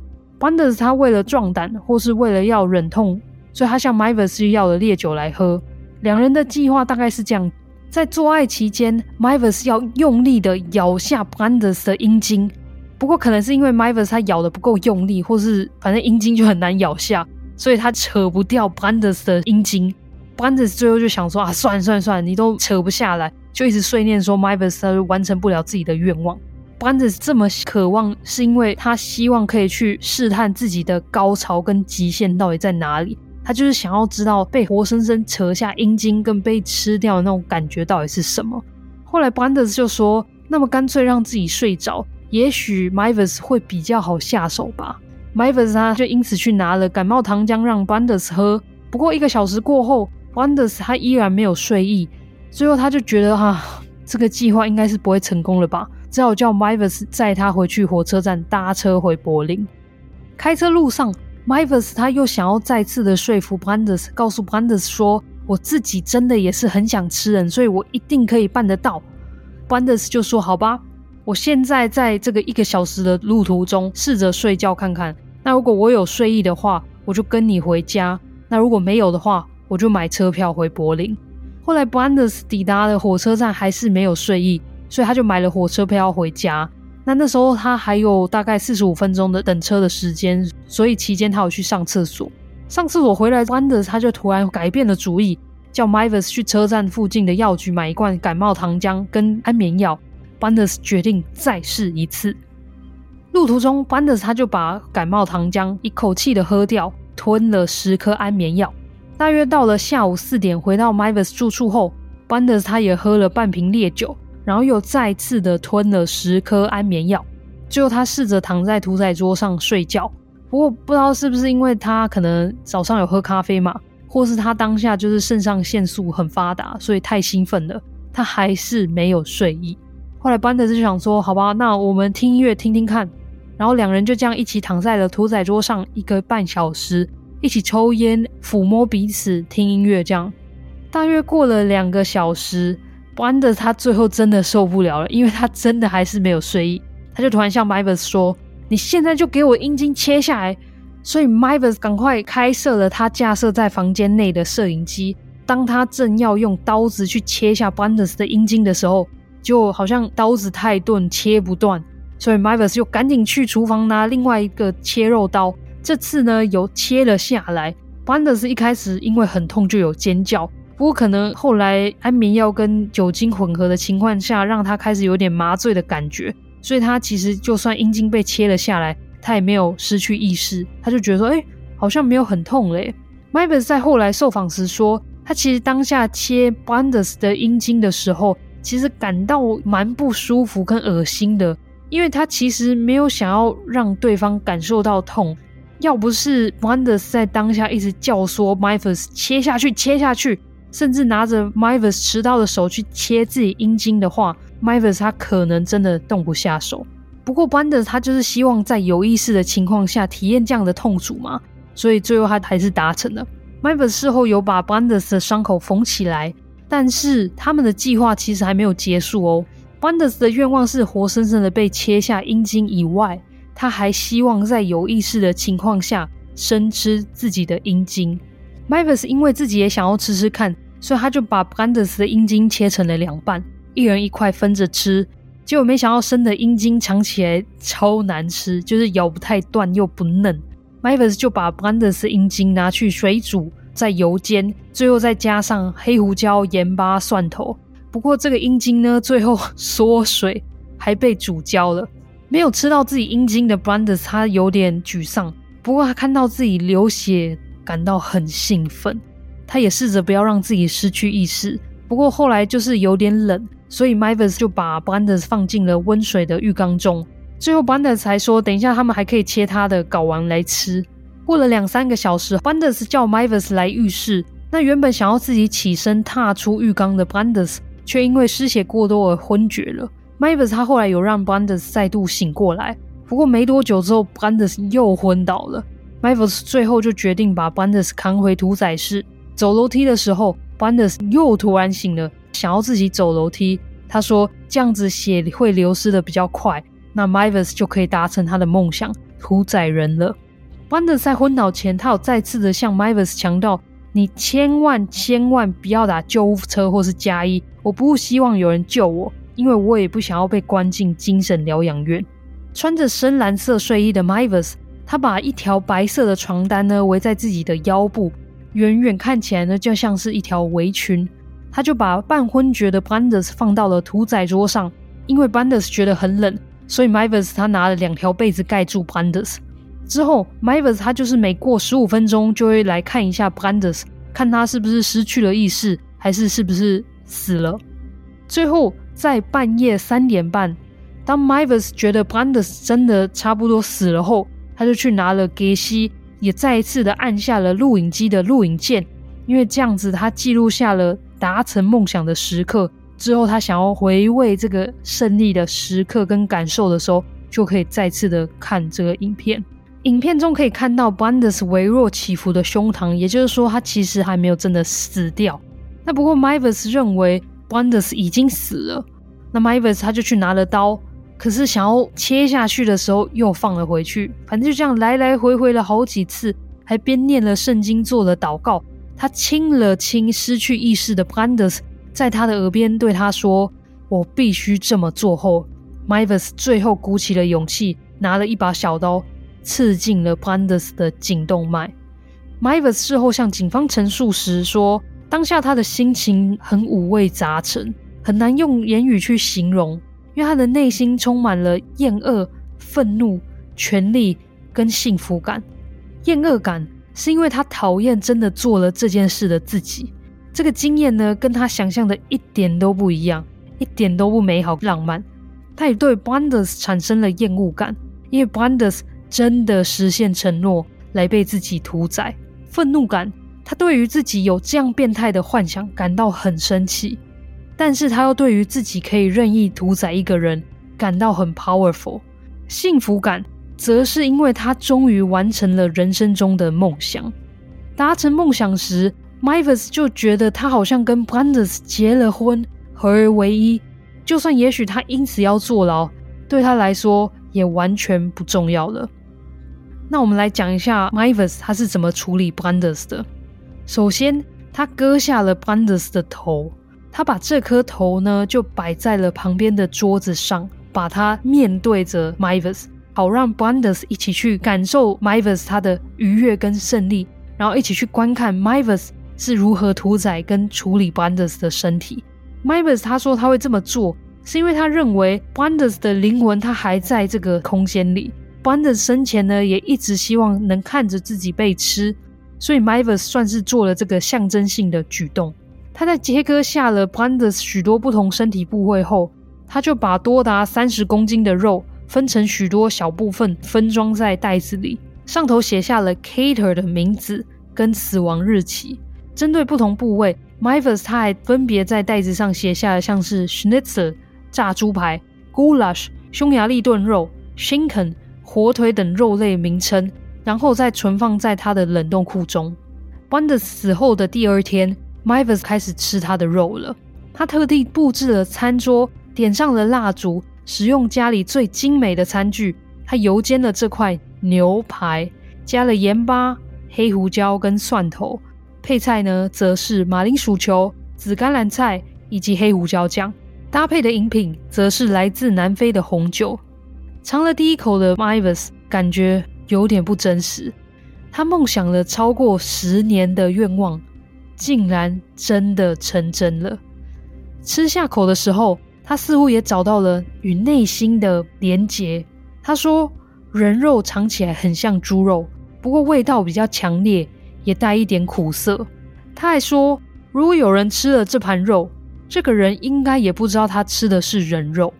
班德斯他為了壯膽，或是為了要忍痛，所以他向 Meiwes 要了烈酒來喝。兩人的計劃大概是這樣：在做愛期間，Meiwes 要用力的咬下班德斯的陰莖。不過可能是因為 Meiwes 他咬得不夠用力，或是反正陰莖就很難咬下，所以他扯不掉班德斯的陰莖。班德斯最後就想說：啊，算算算，你都扯不下來，就一直碎念說 Meiwes 他就完成不了自己的願望。班德斯這麼渴望，是因為他希望可以去試探自己的高潮跟極限到底在哪裡。他就是想要知道被活生生扯下陰莖跟被吃掉的那種感覺到底是什麼。後來班德斯就說：“那麼乾脆讓自己睡着，也許邁維斯會比較好下手吧。”邁維斯他就因此去拿了感冒糖漿讓班德斯喝。不過一個小時過後，班德斯他依然沒有睡意。最後他就覺得哈、啊，這個計劃應該是不會成功了吧。只好叫 Meiwes 載他回去火車站，搭車回柏林。開車路上，Meiwes 他又想要再次的說服 Brandes 告訴 Brandes 說：“我自己真的也是很想吃人，所以我一定可以辦得到。” Brandes 就說：“好吧，我現在在這個一個小時的路途中試着睡覺看看。那如果我有睡意的話，我就跟你回家；那如果沒有的話，我就買車票回柏林。”後來 Brandes 抵達了火車站還是沒有睡意。所以他就買了火車票要回家。那那時候他還有大概四十五分鐘的等車的時間，所以期間他有去上廁所。上廁所回來，Brandes 他就突然改變了主意，叫 Meiwes 去車站附近的藥局買一罐感冒糖漿跟安眠藥。Brandes 決定再試一次。路途中，Brandes 他就把感冒糖漿一口氣的喝掉，吞了十顆安眠藥。大約到了下午四點，回到 Meiwes 住處後，Brandes 他也喝了半瓶烈酒。然後又再次的吞了十顆安眠藥，最後他試着躺在屠宰桌上睡覺。不過不知道是不是因為他可能早上有喝咖啡嘛，或是他當下就是腎上腺素很發達，所以太興奮了，他還是沒有睡意。後來班德斯就想說：“好吧，那我們聽音樂聽聽看。”然後兩人就這樣一起躺在了屠宰桌上一個半小時，一起抽菸、撫摸彼此、聽音樂，這樣大約過了兩個小時。Brandes 他最後真的受不了了，因為他真的還是沒有睡意，他就突然向 Meiwes 說：“你現在就給我陰莖切下來。”所以 Meiwes 趕快開設了他架設在房間內的攝影機。當他正要用刀子去切下 Brandes 的陰莖的時候，就好像刀子太鈍，切不斷，所以 Meiwes 又趕緊去廚房拿另外一個切肉刀。這次呢，有切了下來。Brandes 一開始因為很痛就有尖叫。不過可能後來安眠藥跟酒精混合的情況下，讓他開始有點麻醉的感覺，所以他其實就算陰莖被切了下來，他也沒有失去意識，他就覺得說，哎、欸，好像沒有很痛嘞、欸。Meiwes 在後來受訪時說，他其實當下切 Brandes 的陰莖的時候，其實感到蠻不舒服跟噁心的，因為他其實沒有想要讓對方感受到痛，要不是 Brandes 在當下一直教唆 Meiwes 切下去，切下去。甚至拿着 Meiwes 持刀的手去切自己陰莖的話，Meiwes 他可能真的動不下手。不過 Brandes 他就是希望在有意識的情況下體驗這樣的痛楚嘛，所以最後他還是達成了。Meiwes 事後有把 Brandes 的傷口縫起來，但是他們的計劃其實還沒有結束哦。Brandes 的願望是活生生的被切下陰莖以外，他還希望在有意識的情況下生吃自己的陰莖。Meiwes 因為自己也想要吃吃看。所以他就把 Brandes 的陰莖切成了兩半，一人一塊分着吃。結果沒想到生的陰莖嘗起來超難吃，就是咬不太斷又不嫩。Meiwes 就把 Brandes 陰莖拿去水煮，再油煎，最後再加上黑胡椒、鹽巴、蒜頭。不過這個陰莖呢，最後縮水還被煮焦了，沒有吃到自己陰莖的 Brandes，他有點沮喪。不過他看到自己流血，感到很興奮。他也試着不要讓自己失去意識，不過後來就是有點冷，所以 Meiwes 就把 Brandes 放進了溫水的浴缸中。最後 Brandes 才說：“等一下，他們還可以切他的睾丸來吃。”過了兩三個小時，Brandes 叫 Meiwes 來浴室。那原本想要自己起身踏出浴缸的 Brandes，卻因為失血過多而昏厥了。Meiwes 他後來有讓 Brandes 再度醒過來，不過沒多久之後，Brandes 又昏倒了。Meiwes 最後就決定把 Brandes 扛回屠宰室。走樓梯的時候，Brandes 又突然醒了，想要自己走樓梯。他說：“這樣子血會流失的比較快，那 Meiwes 就可以達成他的夢想，屠宰人了。” Brandes 在昏倒前，他有再次的向 Meiwes 強調：“你千萬千萬不要打救護車或是加醫，我不希望有人救我，因為我也不想要被關進精神療養院。”穿着深藍色睡衣的 Meiwes，他把一條白色的床單呢圍在自己的腰部。遠遠看起來呢，就像是一條圍裙。他就把半昏厥的 Brandes 放到了屠宰桌上。因為 Brandes 覺得很冷，所以 Meiwes 他拿了兩條被子蓋住 Brandes。之後，Meiwes 他就是每過十五分鐘就會來看一下 Brandes，看他是不是失去了意識，還是是不是死了。最後，在半夜三點半，當 Meiwes 覺得 Brandes 真的差不多死了後，他就去拿了 Gacy 也再一次的按下了錄影機的錄影鍵，因為這樣子他記錄下了達成夢想的時刻。之後他想要回味這個勝利的時刻跟感受的時候，就可以再次的看這個影片。影片中可以看到 Brandes 微弱起伏的胸膛，也就是說他其實還沒有真的死掉。那不過 Meiwes 認為 Brandes 已經死了，那 Meiwes 他就去拿了刀。可是想要切下去的時候，又放了回去。反正就這樣來來回回了好幾次，還邊念了聖經，做了禱告。他親了親失去意識的 Brandes，在他的耳邊對他說：“我必須這麼做。”後，Meiwes 最後鼓起了勇氣，拿了一把小刀，刺進了 Brandes 的頸動脈。Meiwes 事後向警方陳述時說：“當下他的心情很五味雜陳，很難用言語去形容。”因為他的內心充滿了厭惡、憤怒、權力跟幸福感。厭惡感是因為他討厭真的做了這件事的自己。這個經驗呢，跟他想象的一點都不一樣，一點都不美好、浪漫。他也對 Brandes 產生了厭惡感，因為 Brandes 真的實現承諾來被自己屠宰。憤怒感，他對於自己有這樣變態的幻想感到很生氣。但是他又對於自己可以任意屠宰一個人感到很 powerful，幸福感則是因為他終於完成了人生中的夢想。達成夢想時，Meiwes 就覺得他好像跟 Brandes 結了婚，合而為一。就算也許他因此要坐牢，對他來說也完全不重要了。那我們來講一下 Meiwes 他是怎麼處理 Brandes 的。首先，他割下了 Brandes 的頭。他把這顆頭呢，就擺在了旁邊的桌子上，把它面對着 Myvers，e 好讓 Banders 一起去感受 Myvers e 他的愉悅跟勝利，然後一起去觀看 Myvers e 是如何屠宰跟處理 Banders 的身體。Myvers e 他說他會這麼做，是因為他認為 Banders 的靈魂他還在這個空間裡。Banders 生前呢，也一直希望能看着自己被吃，所以 Myvers e 算是做了這個象徵性的舉動。他在切割下了 Brandes 許多不同身體部位後，他就把多達三十公斤的肉分成許多小部分，分裝在袋子裡，上頭寫下了 Cator 的名字跟死亡日期。針對不同部位，Meiwes 他還分別在袋子上寫下了像是 Schnitzel 炸豬排、Goulash 匈牙利燉肉、Schinken 火腿等肉類名稱，然後再存放在他的冷凍庫中。Brandes 死後的第二天。Meiwes 開始吃他的肉了。他特地布置了餐桌，點上了蠟燭，使用家裡最精美的餐具。他油煎了這塊牛排，加了鹽巴、黑胡椒跟蒜頭。配菜呢，則是馬鈴薯球、紫甘藍菜以及黑胡椒醬。搭配的飲品則是來自南非的紅酒。嘗了第一口的 Meiwes，感覺有點不真實。他夢想了超過十年的願望，竟然真的成真了。吃下口的時候，他似乎也找到了與內心的連結。他說：“人肉嘗起來很像豬肉，不過味道比較強烈，也帶一點苦澀。”他還說：“如果有人吃了這盤肉，這個人應該也不知道他吃的是人肉。”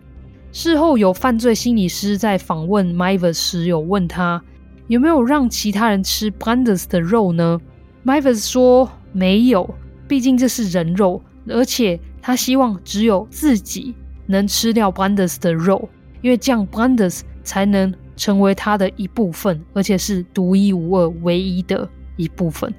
事後有犯罪心理師在訪問 Meiwes 時，有問他有沒有讓其他人吃 Brandes 的肉呢？Meiwes 說。沒有，畢竟這是人肉，而且他希望只有自己能吃掉 Brandes 的肉，因為這樣 Brandes 才能成為他的一部分，而且是獨一無二、唯一的一部分。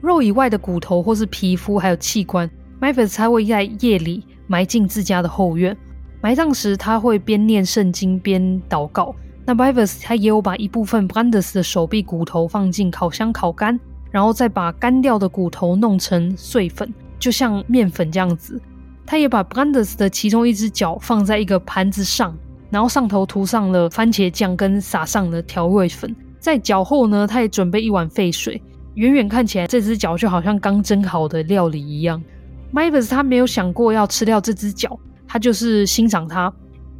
肉以外的骨頭或是皮膚還有器官，Meiwes 才會在夜裡埋進自家的後院。埋葬時，他會邊念聖經邊禱告。那 Meiwes 他也有把一部分 Brandes 的手臂骨頭放進烤箱烤乾。然後再把乾掉的骨頭弄成碎粉，就像麵粉這樣子。他也把 Brandes 的其中一隻腳放在一個盤子上，然後上頭塗上了番茄醬，跟撒上了調味粉。在腳後呢，他也準備一碗沸水。遠遠看起來，這隻腳就好像剛蒸好的料理一樣。Meiwes 他沒有想過要吃掉這隻腳，他就是欣賞它。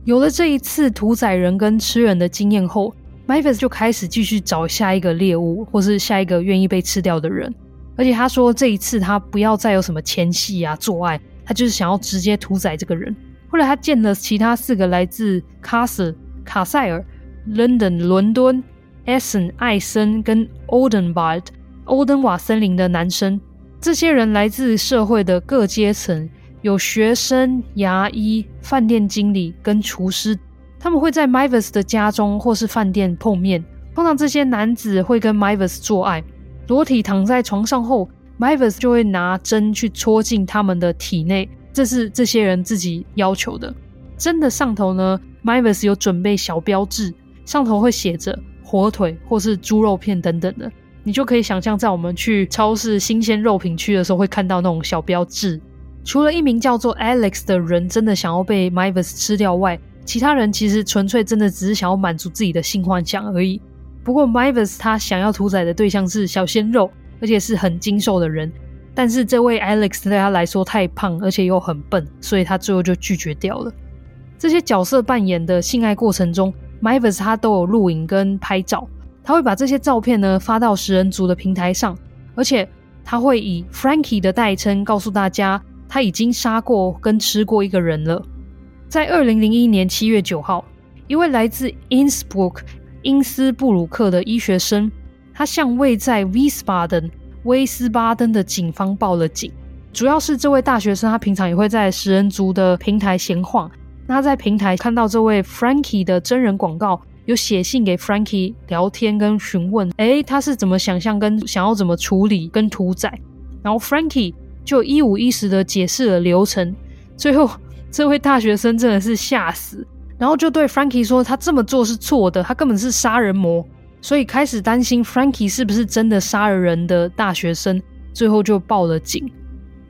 有了這一次屠宰人跟吃人的經驗後，Meiwes 就開始繼續找下一個獵物，或是下一個願意被吃掉的人。而且他說，這一次他不要再有什麼前戲啊、做愛，他就是想要直接屠宰這個人。後來他見了其他四個來自卡瑟、卡塞爾、London、倫敦、Essen 艾森跟 Odenwald、歐登瓦森林的男生。這些人來自社會的各階層，有學生、牙醫、飯店經理跟廚師。他們會在 Meiwes 的家中或是飯店碰面，通常這些男子會跟 Meiwes 做愛，裸體躺在床上後，Meiwes 就會拿針去戳進他們的體內，這是這些人自己要求的。針的上頭呢，Meiwes 有準備小標誌，上頭會寫着火腿或是豬肉片等等的，你就可以想象在我們去超市新鮮肉品區的時候會看到那種小標誌。除了一名叫做 Alex 的人真的想要被 Meiwes 吃掉外，其他人其實純粹真的只是想要滿足自己的性幻想而已。不過，Meiwes 他想要屠宰的對象是小鮮肉，而且是很精瘦的人。但是，這位 Alex 對他來說太胖，而且又很笨，所以他最後就拒絕掉了。這些角色扮演的性愛過程中，Meiwes 他都有錄影跟拍照，他會把這些照片呢發到食人族的平台上，而且他會以 Frankie 的代稱告訴大家，他已經殺過跟吃過一個人了。在二零零一年七月九號，一位來自 Innsbruck 英斯布魯克的醫學生，他向位在威斯巴登，威斯巴登的警方報了警。主要是這位大學生，他平常也會在食人族的平台閒晃。那他在平台看到這位 Frankie 的真人廣告，有寫信給 Frankie 聊天跟詢問，誒，他是怎麼想象跟想要怎麼處理跟屠宰？然後 Frankie 就一五一十的解釋了流程，最後。這位大學生真的是嚇死，然後就對 Franky 說：“他這麼做是錯的，他根本是殺人魔。”所以開始擔心 Franky 是不是真的殺了人的大學生，最後就報了警。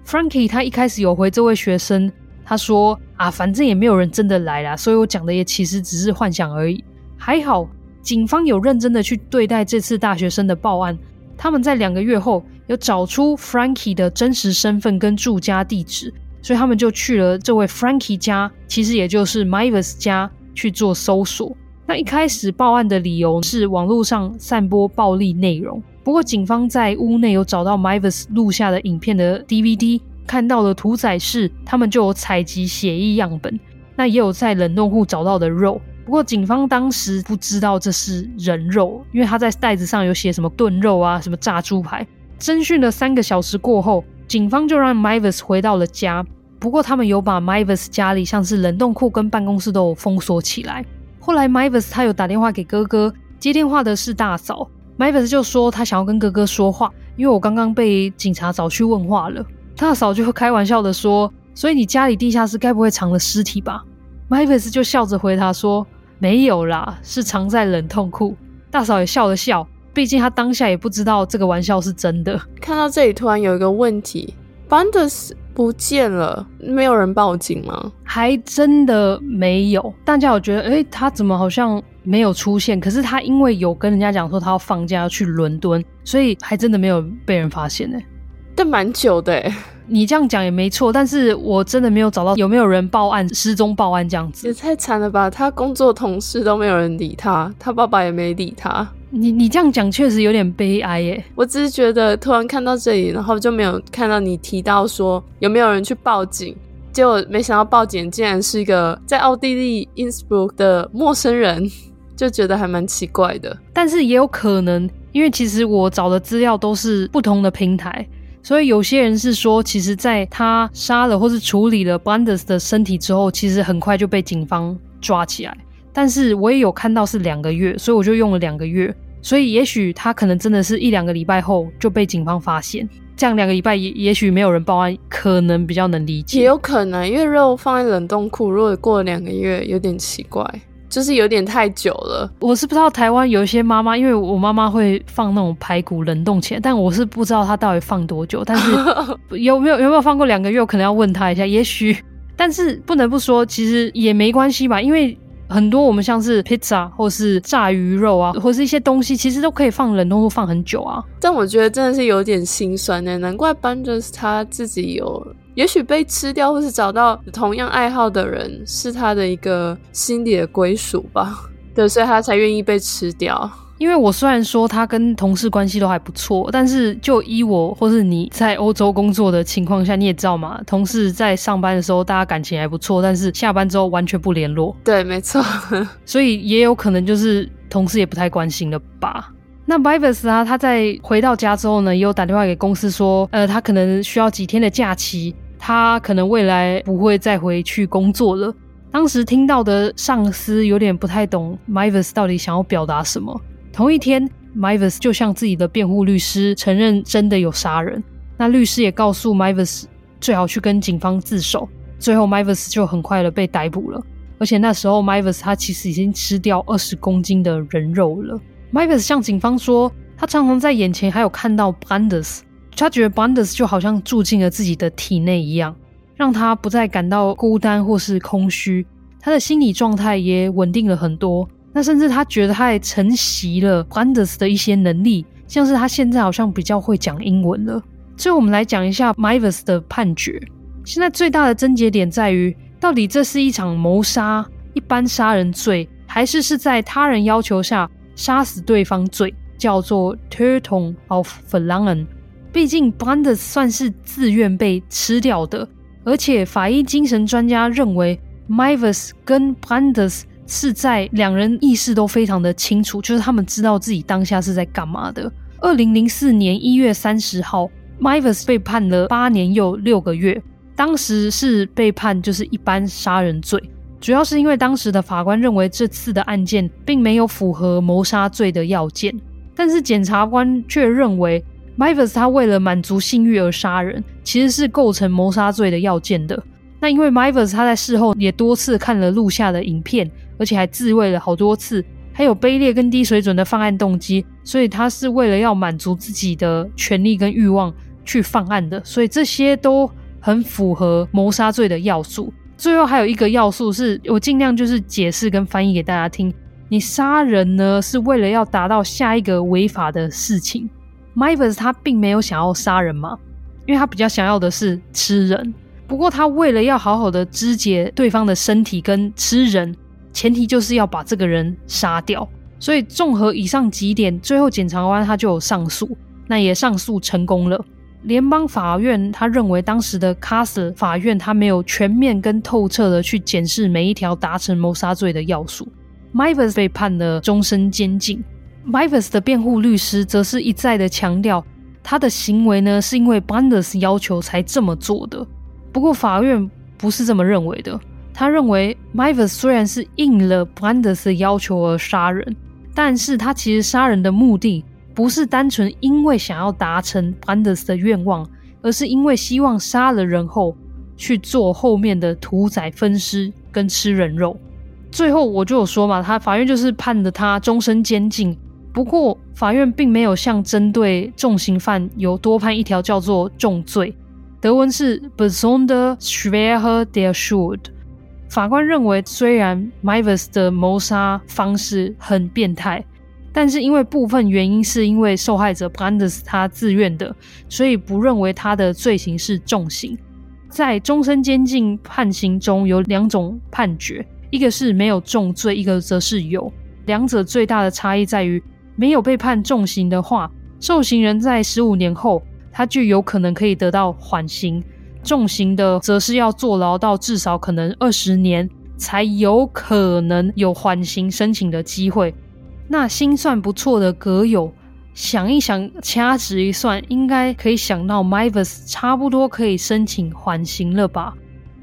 Franky 他一開始有回這位學生，他說：“啊，反正也沒有人真的來啦，所以我講的也其實只是幻想而已。”還好，警方有認真的去對待這次大學生的報案，他們在兩個月後有找出 Franky 的真實身份跟住家地址。所以他們就去了這位 Franky 家，其實也就是 Meiwes 家去做搜索。那一開始報案的理由是網絡上散播暴力內容，不過警方在屋內有找到 Meiwes 錄下的影片的 DVD，看到了屠宰室，他們就有採集血液樣本。那也有在冷凍庫找到的肉，不過警方當時不知道這是人肉，因為他在袋子上有寫什麼燉肉啊，什麼炸豬排。偵訊了三個小時過後。警方就讓 Meiwes 回到了家，不過他們有把 Meiwes 家裡像是冷凍庫跟辦公室都有封鎖起來。後來 Meiwes 他有打電話給哥哥，接電話的是大嫂，Meiwes 就說他想要跟哥哥說話，因為我剛剛被警察找去問話了。大嫂就開玩笑的說：“所以你家裡地下室該不會藏了屍體吧？”Meiwes 就笑着回答說：“沒有啦，是藏在冷凍庫。”大嫂也笑了笑。畢竟他當下也不知道這個玩笑是真的。看到這裡，突然有一個問題：Brandes 不見了，沒有人報警嗎？還真的沒有。大家有覺得，哎、欸，他怎麼好像沒有出現？可是他因為有跟人家講說他要放假要去倫敦，所以還真的沒有被人發現呢、欸。但蠻久的、欸。你這樣講也沒錯，但是我真的沒有找到有沒有人報案，失蹤報案這樣子，也太慘了吧！他工作同事都沒有人理他，他爸爸也沒理他。你你這樣講確實有點悲哀耶。我只是覺得突然看到這裡，然後就沒有看到你提到說有沒有人去報警，結果沒想到報警竟然是一個在奧地利 Innsbruck 的陌生人，就覺得還蠻奇怪的。但是也有可能，因為其實我找的資料都是不同的平台。所以有些人是說，其實在他殺了或是處理了 Brandes 的身體之後，其實很快就被警方抓起來。但是我也有看到是兩個月，所以我就用了兩個月。所以也許他可能真的是一兩個禮拜後就被警方發現。這樣兩個禮拜也也許沒有人報案，可能比較能理解。也有可能，因為肉放在冷凍庫，如果過了兩個月，有點奇怪。就是有點太久了。我是不知道台灣有一些媽媽，因為我媽媽會放那種排骨冷凍起來，但我是不知道她到底放多久。但是有沒有有沒有放過兩個月？我可能要問她一下，也許。但是不能不說，其實也沒關係吧，因為很多我們像是披 i 或是炸魚肉啊，或是一些東西，其實都可以放冷凍或放很久啊。但我覺得真的是有點心酸的、欸，難怪班 a 是他自己有。也許被吃掉，或是找到同樣愛好的人，是他的一個心底的歸屬吧。 [LAUGHS] 對，所以他才願意被吃掉。因為我雖然說他跟同事關係都還不錯，但是就依我或是你在歐洲工作的情況下，你也知道嘛，同事在上班的時候大家感情還不錯，但是下班之後完全不聯絡。對，沒錯。 [LAUGHS] 所以也有可能就是同事也不太關心了吧。那 Meiwes 啊，他在回到家之後呢，也有打電話給公司說，呃，他可能需要幾天的假期。他可能未來不會再回去工作了。當時聽到的上司有點不太懂，Meiwes 到底想要表達什麼。同一天，Meiwes 就向自己的辯護律師承認真的有殺人。那律師也告訴 Meiwes，最好去跟警方自首。最後，Meiwes 就很快的被逮捕了。而且那時候，Meiwes 他其實已經吃掉二十公斤的人肉了。Meiwes 向警方說，他常常在眼前還有看到 Brandes 他覺得 Brandes 就好像住進了自己的體內一樣，讓他不再感到孤單或是空虛，他的心理狀態也穩定了很多。那甚至他覺得他也承襲了 Brandes 的一些能力，像是他現在好像比較會講英文了。所以我們來講一下 Meiwes 的判決。現在最大的症結點在於，到底這是一場謀殺、一般殺人罪，還是是在他人要求下殺死對方罪，叫做 Tötung auf Verlangen。畢竟 Brandes 算是自願被吃掉的，而且法醫精神專家認為 Meiwes 跟 Brandes 是在兩人意識都非常的清楚，就是他們知道自己當下是在幹嘛的。二零零四年一月三十號，Meiwes 被判了八年又六個月，當時是被判就是一般殺人罪，主要是因為當時的法官認為這次的案件並沒有符合謀殺罪的要件，但是檢察官卻認為。Meiwes 他為了滿足性慾而殺人，其實是構成謀殺罪的要件的。那因為 Meiwes 他在事後也多次看了錄下的影片，而且還自慰了好多次，還有卑劣跟低水準的犯案動機，所以他是為了要滿足自己的權力跟慾望去犯案的。所以這些都很符合謀殺罪的要素。最後還有一個要素是，我盡量就是解釋跟翻譯給大家聽：你殺人呢，是為了要達到下一個違法的事情。Meiwes 他並沒有想要殺人嘛，因為他比較想要的是吃人。不過他為了要好好的肢解對方的身體跟吃人，前提就是要把這個人殺掉。所以綜合以上幾點，最後檢察官他就有上訴，那也上訴成功了。聯邦法院他認為當時的卡斯法院他沒有全面跟透徹的去檢視每一條達成謀殺罪的要素。Meiwes 被判了終身監禁。Meiwes 的辯護律師則是一再的強調，他的行為呢是因為 Brandes 要求才這麼做的。不過法院不是這麼認為的。他認為 Meiwes 雖然是應了 Brandes 的要求而殺人，但是他其實殺人的目的不是單純因為想要達成 Brandes 的願望，而是因為希望殺了人後去做後面的屠宰、分屍跟吃人肉。最後我就有說嘛，他法院就是判的他終身監禁。不過，法院並沒有像針對重刑犯有多判一條叫做重罪。德文是 besondere Schwere der Schuld。法官認為，雖然 Meiwes 的謀殺方式很變態，但是因為部分原因是因為受害者 Brandes 他自願的，所以不認為他的罪行是重刑。在終身監禁判刑中有兩種判決，一個是沒有重罪，一個則是有。兩者最大的差異在於。沒有被判重刑的話，受刑人在十五年後，他就有可能可以得到緩刑。重刑的則是要坐牢到至少可能二十年，才有可能有緩刑申請的機會。那心算不錯的閣友，想一想，掐指一算，應該可以想到 Meiwes 差不多可以申請緩刑了吧？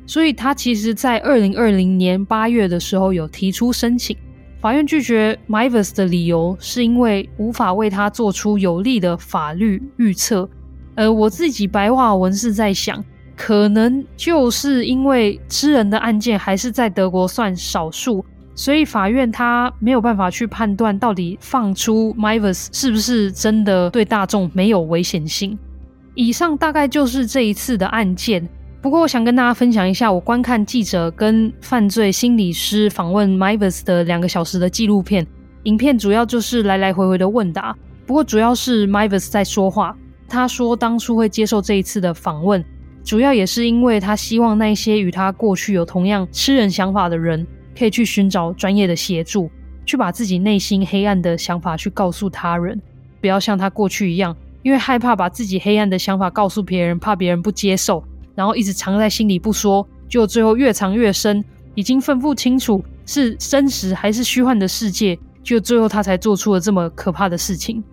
所以他其實，在二零二零年八月的時候，有提出申請。法院拒絕 Meiwes 的理由，是因為無法為他做出有利的法律預測。而我自己白話文是在想，可能就是因為吃人的案件還是在德國算少數，所以法院他沒有辦法去判斷到底放出 Meiwes 是不是真的對大眾沒有危險性。以上大概就是這一次的案件。不過，我想跟大家分享一下我觀看記者跟犯罪心理師訪問 Meiwes 的兩個小時的紀錄片。影片主要就是來來回回的問答，不過主要是 Meiwes 在說話。他說，當初會接受這一次的訪問，主要也是因為他希望那些與他過去有同樣吃人想法的人，可以去尋找專業的協助，去把自己內心黑暗的想法去告訴他人，不要像他過去一樣，因為害怕把自己黑暗的想法告訴別人，怕別人不接受。然後一直藏在心裡不說，就最後越藏越深，已經分不清楚是真實還是虛幻的世界，就最後他才做出了這麼可怕的事情。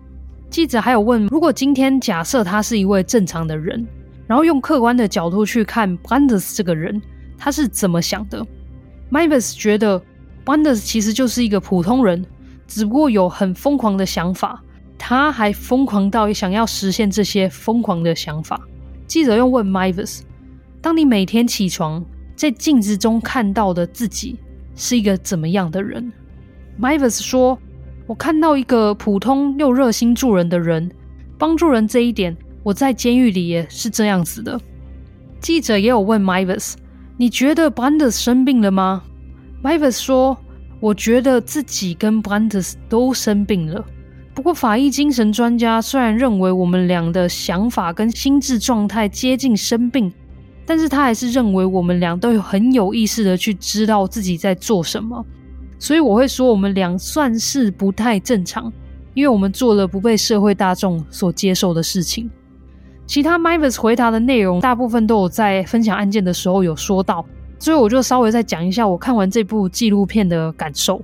記者還有問，如果今天假設他是一位正常的人，然後用客觀的角度去看 Brandes 這個人，他是怎麼想的？Meiwes 覺得 Brandes 其實就是一個普通人，只不過有很瘋狂的想法，他還瘋狂到也想要實現這些瘋狂的想法。記者又問 Meiwes。當你每天起床，在鏡子中看到的自己是一個怎麼樣的人？Meiwes 說：“我看到一個普通又熱心助人的人。幫助人這一點，我在監獄裡也是這樣子的。”記者也有問 Meiwes：“ 你覺得 Brandes 生病了嗎？”Meiwes 說：“我覺得自己跟 Brandes 都生病了。不過，法醫精神專家雖然認為我們倆的想法跟心智狀態接近生病。”但是他還是認為我們倆都有很有意識的去知道自己在做什麼，所以我會說我們倆算是不太正常，因為我們做了不被社會大眾所接受的事情。其他 Meiwes 回答的內容大部分都有在分享案件的時候有說到，所以我就稍微再講一下我看完這部紀錄片的感受。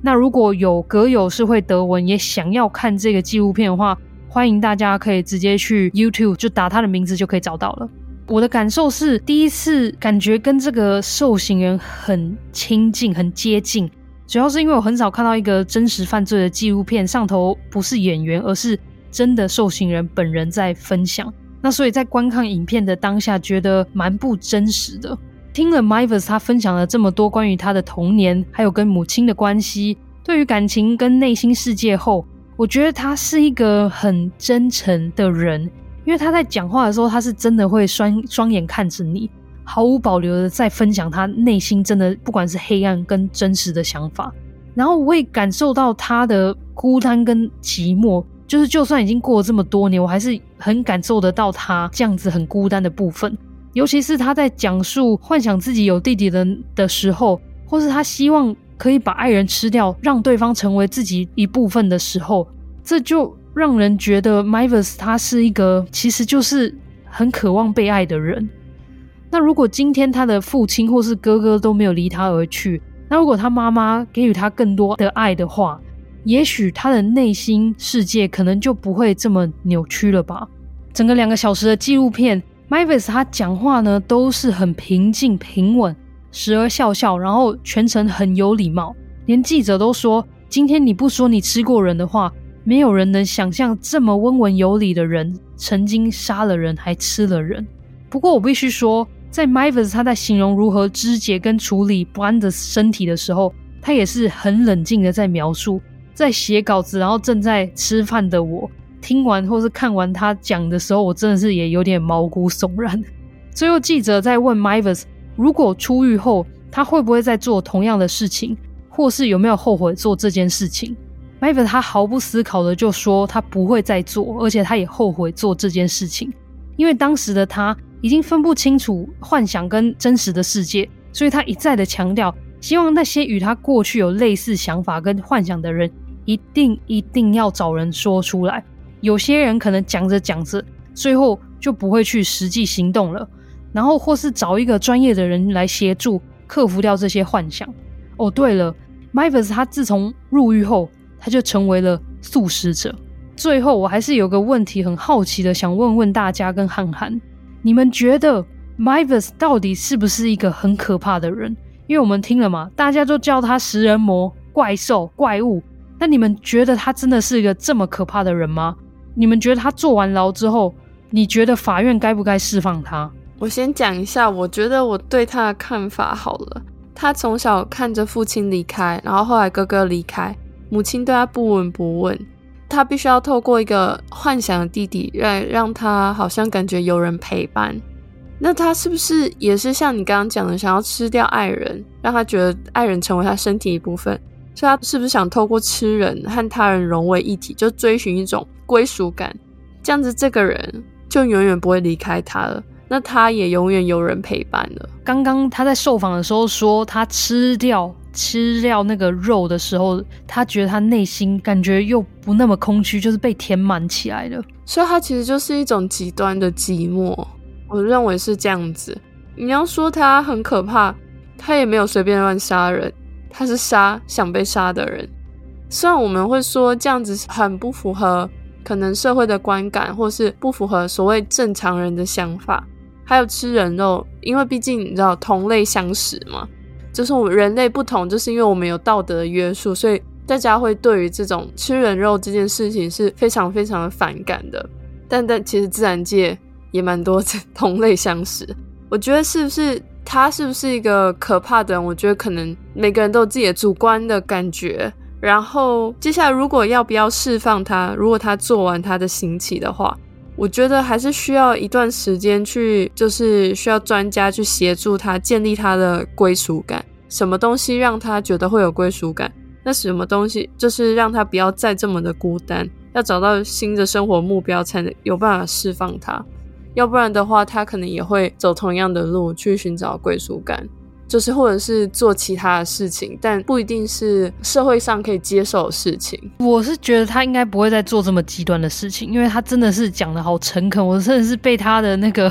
那如果有閣友是會德文也想要看這個紀錄片的話，歡迎大家可以直接去 YouTube 就打他的名字就可以找到了。我的感受是，第一次感覺跟這個受刑人很親近、很接近，主要是因為我很少看到一個真實犯罪的紀錄片，上頭不是演員，而是真的受刑人本人在分享。那所以在觀看影片的當下，覺得蠻不真實的。聽了 Meiwes 他分享了這麼多關於他的童年，還有跟母親的關係，對於感情跟內心世界後，我覺得他是一個很真誠的人。因為他在講話的時候，他是真的會雙雙眼看着你，毫無保留的在分享他內心真的不管是黑暗跟真實的想法，然後我會感受到他的孤單跟寂寞，就是就算已經過了這麼多年，我還是很感受得到他這樣子很孤單的部分，尤其是他在講述幻想自己有弟弟的的時候，或是他希望可以把愛人吃掉，讓對方成為自己一部分的時候，這就。讓人覺得 Meiwes 他是一個其實就是很渴望被愛的人。那如果今天他的父親或是哥哥都沒有離他而去，那如果他媽媽給予他更多的愛的話，也許他的內心世界可能就不會這麼扭曲了吧。整個兩個小時的紀錄片，Meiwes 他講話呢都是很平靜平穩，時而笑笑，然後全程很有禮貌，連記者都說：“今天你不說你吃過人的話。”沒有人能想象這麼溫文有禮的人曾經殺了人還吃了人。不過我必須說，在 Meiwes 他在形容如何肢解跟處理 Brandes 的身體的時候，他也是很冷靜的在描述。在寫稿子，然後正在吃飯的我，聽完或是看完他講的時候，我真的是也有點毛骨悚然。最後記者在問 Meiwes，如果出獄後他會不會再做同樣的事情，或是有沒有後悔做這件事情？Meiwes 他毫不思考的就說他不會再做，而且他也後悔做這件事情，因為當時的他已經分不清楚幻想跟真實的世界，所以他一再的強調，希望那些與他過去有類似想法跟幻想的人，一定一定要找人說出來。有些人可能講着講着，最後就不會去實際行動了，然後或是找一個專業的人來協助克服掉這些幻想。哦，對了，Meiwes 他自從入獄後，他就成為了素食者。最後，我還是有個問題，很好奇的想問問大家跟漢涵，你們覺得 Meiwes 到底是不是一個很可怕的人？因為我們聽了嘛，大家都叫他食人魔、怪獸、怪物。那你們覺得他真的是一個這麼可怕的人嗎？你們覺得他坐完牢之後，你覺得法院該不該釋放他？我先講一下，我覺得我對他的看法好了。他從小看着父親離開，然後後來哥哥離開。母親對他不聞不問，他必須要透過一個幻想的弟弟，讓讓他好像感覺有人陪伴。那他是不是也是像你剛剛講的，想要吃掉愛人，讓他覺得愛人成為他身體一部分？所以他是不是想透過吃人和他人融為一體，就追尋一種歸屬感？這樣子，這個人就永遠不會離開他了，那他也永遠有人陪伴了。剛剛他在受訪的時候說，他吃掉。吃掉那個肉的時候，他覺得他內心感覺又不那麼空虛，就是被填滿起來了。所以他其實就是一種極端的寂寞，我認為是這樣子。你要說他很可怕，他也沒有隨便亂殺人，他是殺想被殺的人。雖然我們會說這樣子很不符合可能社會的觀感，或是不符合所謂正常人的想法，還有吃人肉，因為畢竟你知道同類相食嘛。就是我們人類不同，就是因為我們有道德的約束，所以大家會對於這種吃人肉這件事情是非常非常的反感的。但但其實自然界也蠻多同類相食。我覺得是不是他是不是一個可怕的人？我覺得可能每個人都有自己的主觀的感覺。然後接下來如果要不要釋放他？如果他做完他的刑期的話？我覺得還是需要一段時間去，就是需要專家去協助他建立他的歸屬感。什麼東西讓他覺得會有歸屬感？那什麼東西就是讓他不要再這麼的孤單？要找到新的生活目標，才能有辦法釋放他。要不然的話，他可能也會走同樣的路去尋找歸屬感。就是，或者是做其他的事情，但不一定是社會上可以接受的事情。我是覺得他應該不會再做這麼極端的事情，因為他真的是講的好誠懇。我真的是被他的那個，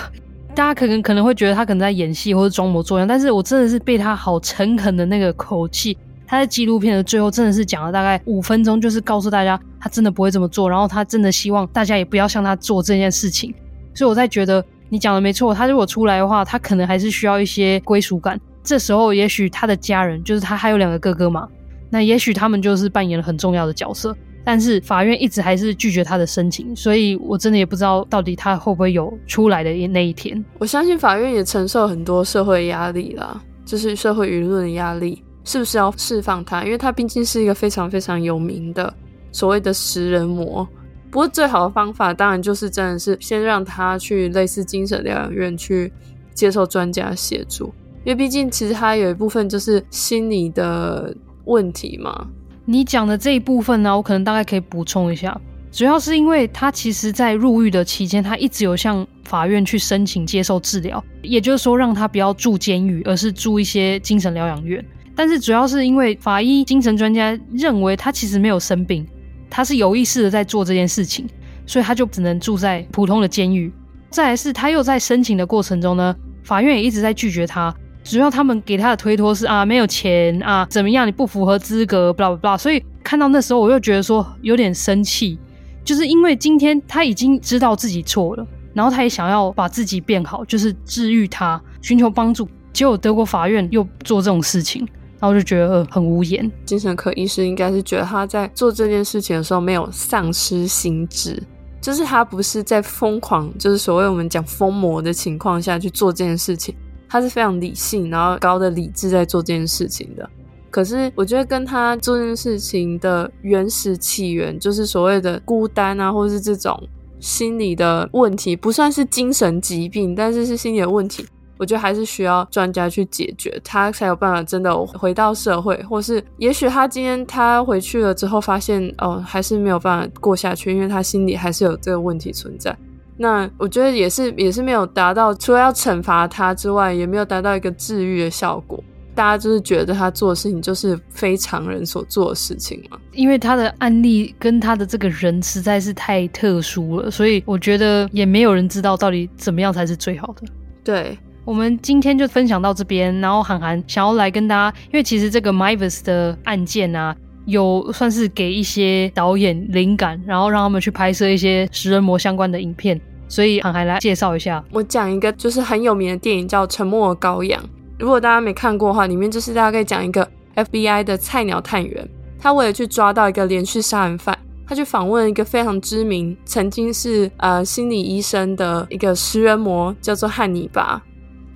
大家可能可能會覺得他可能在演戲或是裝模作樣，但是我真的是被他好誠懇的那個口氣。他在紀錄片的最後真的是講了大概五分鐘，就是告訴大家他真的不會這麼做，然後他真的希望大家也不要像他做這件事情。所以我在覺得你講的沒錯，他如果出來的話，他可能還是需要一些歸屬感。這時候，也許他的家人，就是他還有兩個哥哥嘛，那也許他們就是扮演了很重要的角色。但是法院一直還是拒絕他的申請，所以我真的也不知道到底他會不會有出來的那一天。我相信法院也承受很多社會壓力啦，就是社會輿論的壓力，是不是要釋放他？因為他畢竟是一個非常非常有名的所謂的食人魔。不過最好的方法當然就是真的是先讓他去類似精神療養院去接受專家協助。因為畢竟，其實他有一部分就是心理的問題嘛。你講的這一部分呢，啊，我可能大概可以補充一下。主要是因為他其實，在入獄的期間，他一直有向法院去申請接受治療，也就是說，讓他不要住監獄，而是住一些精神療養院。但是，主要是因為法醫、精神專家認為他其實沒有生病，他是有意識的在做這件事情，所以他就只能住在普通的監獄。再來是，他又在申請的過程中呢，法院也一直在拒絕他。主要他們給他的推脫是啊沒有錢啊怎麼樣你不符合資格不啦不啦，blah、blah blah, 所以看到那時候我又覺得說有點生氣，就是因為今天他已經知道自己錯了，然後他也想要把自己變好，就是治癒他，尋求幫助。結果德國法院又做這種事情，然後我就覺得、呃、很無言。精神科醫師應該是覺得他在做這件事情的時候沒有喪失心智，就是他不是在瘋狂，就是所謂我們講瘋魔的情況下去做這件事情。他是非常理性，然後高的理智在做這件事情的。可是，我覺得跟他做這件事情的原始起源，就是所謂的孤單啊，或者是這種心理的問題，不算是精神疾病，但是是心理的問題。我覺得還是需要專家去解決，他才有辦法真的回到社會，或是也許他今天他回去了之後，發現，哦，還是沒有辦法過下去，因為他心裡還是有這個問題存在。那我覺得也是，也是沒有達到，除了要懲罰他之外，也沒有達到一個治癒的效果。大家就是覺得他做的事情就是非常人所做的事情嘛，因為他的案例跟他的這個人實在是太特殊了，所以我覺得也沒有人知道到底怎麼樣才是最好的。對，我們今天就分享到這邊，然後韓寒想要來跟大家，因為其實這個 Meiwes 的案件啊。有算是給一些導演靈感，然後讓他們去拍攝一些食人魔相關的影片。所以，我還來介紹一下，我講一個就是很有名的電影叫《沉默的羔羊》。如果大家沒看過的話，裡面就是大概講一個 FBI 的菜鳥探員，他為了去抓到一個連續殺人犯，他去訪問一個非常知名、曾經是呃心理醫生的一個食人魔，叫做漢尼拔。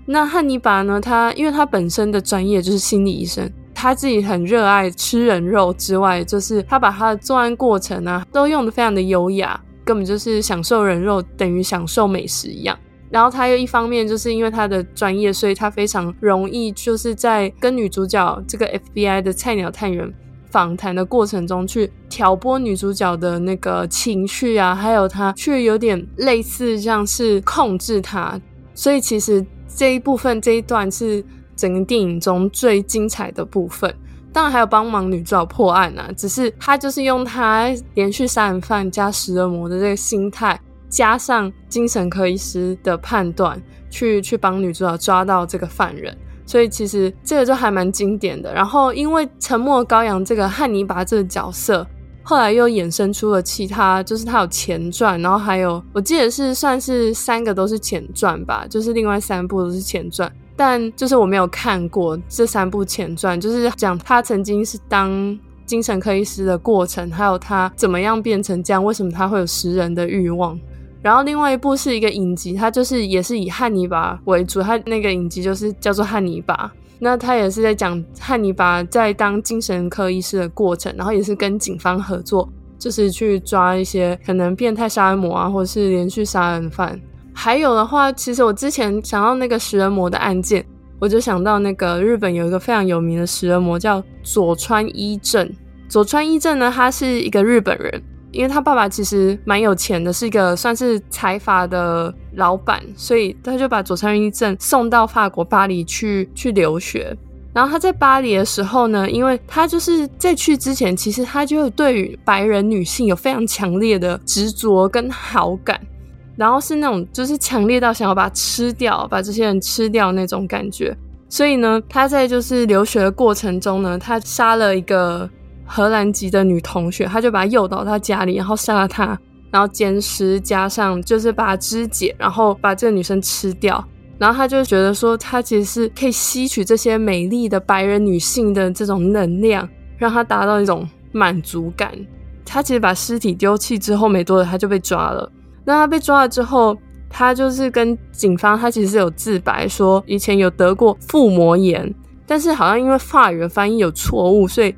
那漢尼拔呢，他因為他本身的專業就是心理醫生。他自己很熱愛吃人肉之外，就是他把他的作案過程啊，都用得非常的優雅，根本就是享受人肉等於享受美食一樣。然後他又一方面就是因為他的專業，所以他非常容易就是在跟女主角這個 FBI 的菜鳥探員訪談的過程中去挑撥女主角的那個情緒啊，還有他卻有點類似像是控制他，所以其實這一部分這一段是。整個電影中最精彩的部分，當然還有幫忙女主角破案啊。只是他就是用他連續殺人犯加食人魔的這個心態，加上精神科醫師的判斷，去去幫女主角抓到這個犯人。所以其實這個就還蠻經典的。然後因為沉默羔羊這個漢尼拔這個角色，後來又衍生出了其他，就是他有前傳，然後還有我記得是算是三個都是前傳吧，就是另外三部都是前傳。但就是我沒有看過這三部前傳，就是講他曾經是當精神科醫師的過程，還有他怎麼樣變成這樣，為什麼他會有食人的欲望。然後另外一部是一個影集，它就是也是以漢尼拔為主，他那個影集就是叫做漢尼拔。那他也是在講漢尼拔在當精神科醫師的過程，然後也是跟警方合作，就是去抓一些可能變態殺人魔啊，或者是連續殺人犯。還有的話，其實我之前想到那個食人魔的案件，我就想到那個日本有一個非常有名的食人魔叫佐川一政。佐川一政呢，他是一個日本人，因為他爸爸其實蠻有錢的，是一個算是財閥的老板，所以他就把佐川一政送到法國巴黎去去留學。然後他在巴黎的時候呢，因為他就是在去之前，其實他就對於白人女性有非常強烈的執着跟好感。然後是那種就是強烈到想要把他吃掉，把這些人吃掉那種感覺。所以呢，他在就是留學的過程中呢，他殺了一個荷蘭籍的女同學，他就把她誘導到他家裡，然後殺了她，然後姦屍，加上就是把她肢解，然後把這個女生吃掉。然後他就覺得說，他其實是可以吸取這些美麗的白人女性的這種能量，讓他達到一種滿足感。他其實把屍體丟棄之後，沒多久他就被抓了。當他被抓了之後，他就是跟警方，他其實有自白說，以前有得過腹膜炎，但是好像因為法語的翻譯有錯誤，所以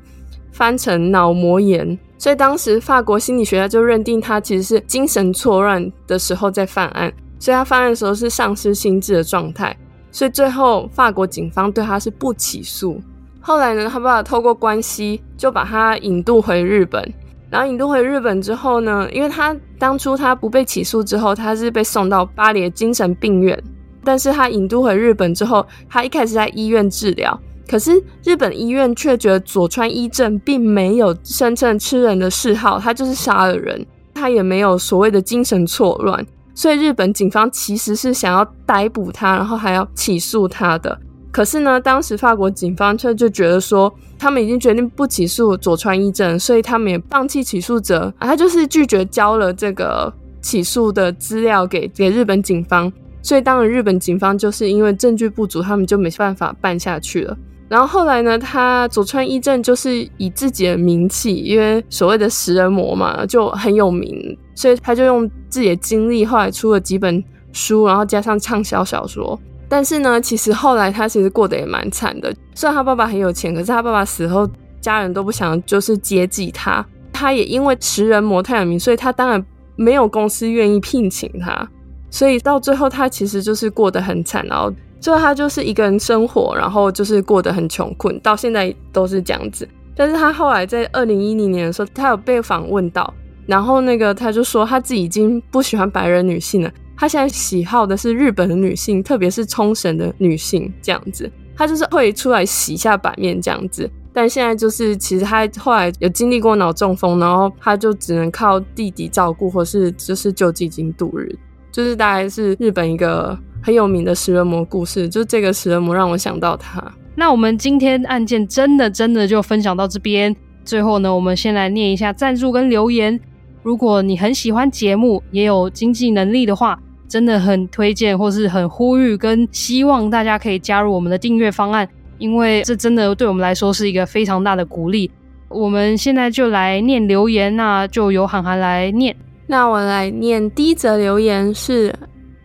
翻成腦膜炎，所以當時法國心理學家就認定他其實是精神錯亂的時候在犯案，所以他犯案的時候是喪失心智的狀態，所以最後法國警方對他是不起訴。後來呢，他爸爸透過關係就把他引渡回日本。然後引渡回日本之後呢，因為他當初他不被起訴之後，他是被送到巴黎的精神病院。但是他引渡回日本之後，他一開始在醫院治療，可是日本醫院卻覺得佐川一政並沒有聲稱吃人的嗜好，他就是殺了人，他也沒有所謂的精神錯亂，所以日本警方其實是想要逮捕他，然後還要起訴他的。可是呢，當時法國警方卻就覺得說，他們已經決定不起訴佐川一政，所以他們也放棄起訴者、啊，他就是拒絕交了這個起訴的資料給給日本警方。所以，當然日本警方就是因為證據不足，他們就沒辦法辦下去了。然後後來呢，他佐川一政就是以自己的名氣，因為所謂的食人魔嘛，就很有名，所以他就用自己的經歷，後來出了幾本書，然後加上暢銷小說。但是呢，其實後來他其實過得也蠻慘的。雖然他爸爸很有錢，可是他爸爸死後，家人都不想就是接濟他。他也因為食人魔太有名，所以他當然沒有公司願意聘請他。所以到最後，他其實就是過得很慘。然後最後他就是一個人生活，然後就是過得很窮困，到現在都是這樣子。但是他後來在二零一零年的時候，他有被訪問到，然後那個他就說他自己已經不喜歡白人女性了。他現在喜好的是日本的女性，特別是沖繩的女性這樣子。他就是會出來洗一下版面這樣子。但現在就是其實他後來有經歷過腦中風，然後他就只能靠弟弟照顧，或是就是救濟金度日。就是大概是日本一個很有名的食人魔故事，就是這個食人魔讓我想到他。那我們今天案件真的真的就分享到這邊。最後呢，我們先來念一下贊助跟留言。如果你很喜歡節目，也有經濟能力的話，真的很推薦，或是很呼籲跟希望大家可以加入我們的訂閱方案，因為這真的對我們來說是一個非常大的鼓勵。我們現在就來念留言，那就由涵涵來念。那我來念第一則留言是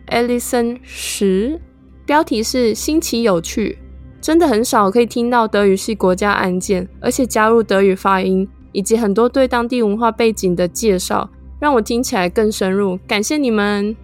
Alison 10，標題是新奇有趣，真的很少可以聽到德語系國家案件，而且加入德語發音。以及很多對當地文化背景的介紹，讓我聽起來更深入。感謝你們，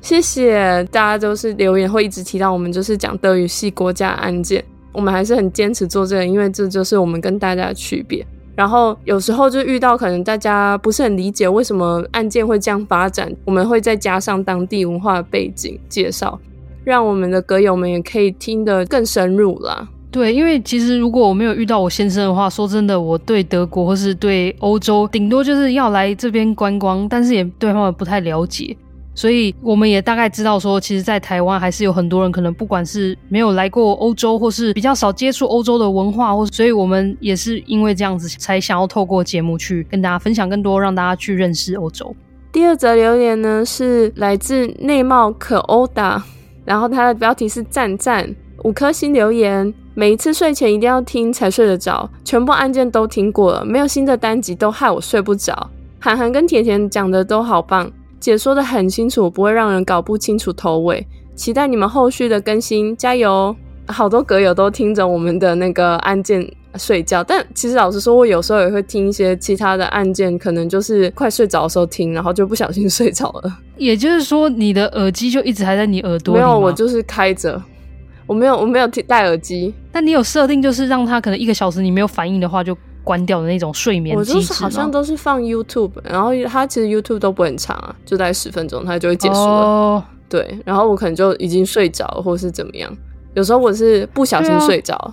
謝謝大家，都是留言會一直提到我們就是講德語系國家的案件，我們還是很堅持做這個，因為這就是我們跟大家的區別。然後有時候就遇到可能大家不是很理解為什麼案件會這樣發展，我們會再加上當地文化背景介紹，讓我們的閣友們也可以聽得更深入啦。對，因為其實如果我沒有遇到我先生的話，說真的，我對德國或是對歐洲，頂多就是要來這邊觀光，但是也對他們不太了解，所以我們也大概知道說，其實，在台灣還是有很多人可能不管是沒有來過歐洲，或是比較少接觸歐洲的文化，或所以，我們也是因為這樣子，才想要透過節目去跟大家分享更多，讓大家去認識歐洲。第二則留言呢，是來自內貌可歐打，然後它的標題是讚讚五顆星留言。每一次睡前一定要聽才睡得着，全部案件都聽過了，沒有新的單集都害我睡不着。涵涵跟甜甜講的都好棒，解說的很清楚，不會讓人搞不清楚頭尾。期待你們後續的更新，加油！好多閣友都聽着我們的那個案件睡覺，但其實老實說，我有時候也會聽一些其他的案件，可能就是快睡着的時候聽，然後就不小心睡着了。也就是說，你的耳機就一直還在你耳朵裡嗎？沒有，我就是開着。我沒有，我沒有戴耳機。但你有設定，就是讓他可能一個小時你沒有反應的話就關掉的那種睡眠？我就是好像都是放 YouTube，然後它其實 YouTube 都不很長啊，就待十分鐘它就會結束了。Oh. 對，然後我可能就已經睡着或是怎麼樣。有時候我是不小心睡着，啊、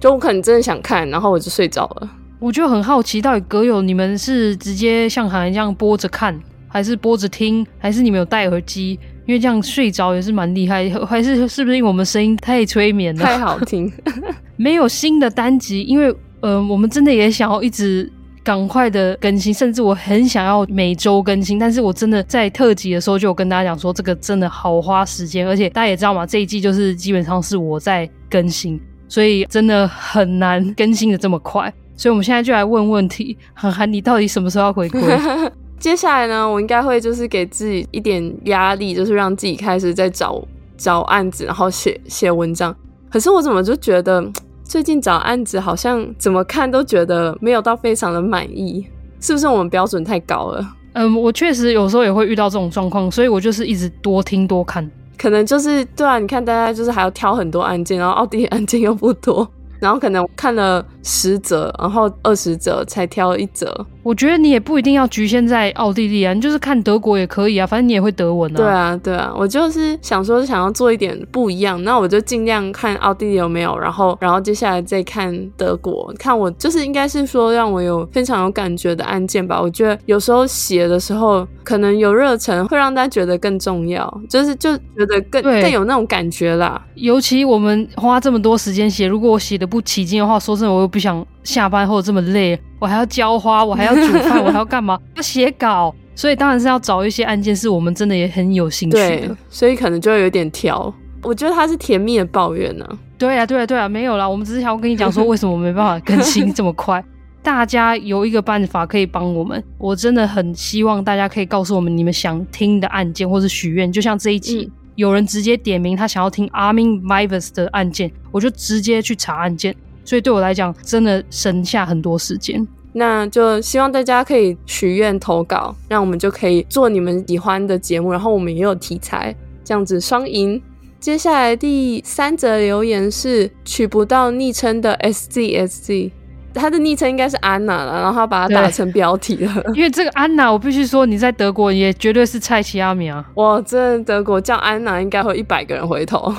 就我可能真的想看，然後我就睡着了。我就很好奇，到底閣友你們是直接像像一樣播着看，還是播着聽，還是你們有戴耳機？因為這樣睡着也是蠻厲害，還是是不是因為我們聲音太催眠了？太好聽。 [LAUGHS] 沒有新的單集，因為嗯、呃，我們真的也想要一直趕快的更新，甚至我很想要每周更新，但是我真的在特輯的時候就有跟大家講說，這個真的好花時間，而且大家也知道嘛，這一季就是基本上是我在更新，所以真的很難更新的這麼快。所以我們現在就來問問題，涵、啊、涵，你到底什麼時候要回歸？ [LAUGHS] 接下來呢，我應該會就是給自己一點壓力，就是讓自己開始在找找案子，然後寫寫文章。可是我怎麼就覺得最近找案子好像怎麼看都覺得沒有到非常的滿意，是不是我們標準太高了？嗯，我確實有時候也會遇到這種狀況，所以我就是一直多聽多看，可能就是對啊，你看大家就是還要挑很多案件，然後奧地利案件又不多，然後可能看了。十折，然後二十折才挑一折。我覺得你也不一定要局限在奧地利啊，你就是看德國也可以啊，反正你也會德文啊。對啊，對啊，我就是想說想要做一點不一樣，那我就盡量看奧地利有沒有，然後然後接下來再看德國，看我就是應該是說讓我有非常有感覺的案件吧。我覺得有時候寫的時候可能有熱忱，會讓大家覺得更重要，就是就覺得更對更有那種感覺啦。尤其我們花這麼多時間寫，如果我寫的不起勁的話，說真的，我又。不想下班後這麼累，我還要澆花，我還要煮飯，我還要幹嘛？ [LAUGHS] 要寫稿，所以當然是要找一些案件，是我們真的也很有興趣的。對，所以可能就會有點挑。我覺得他是甜蜜的抱怨呢、啊。對啊，對啊，對啊，沒有啦。我們只是想要跟你講說，為什麼沒辦法更新這麼快？ [LAUGHS] 大家有一個辦法可以幫我們，我真的很希望大家可以告訴我們你們想聽的案件或者許願。就像這一集，嗯、有人直接點名他想要聽 Armin Meiwes 的案件，我就直接去查案件。所以對我來講，真的省下很多時間。那就希望大家可以許願投稿，讓我們就可以做你們喜歡的節目，然後我們也有題材，這樣子雙贏。接下來第三則留言是取不到昵稱的 s z s z，他的昵稱應該是安娜啦，然後他把它打成標題了。因為這個安娜，我必須說你在德國也絕對是菜市仔名啊！哇，在德國叫安娜，應該會一百個人回頭。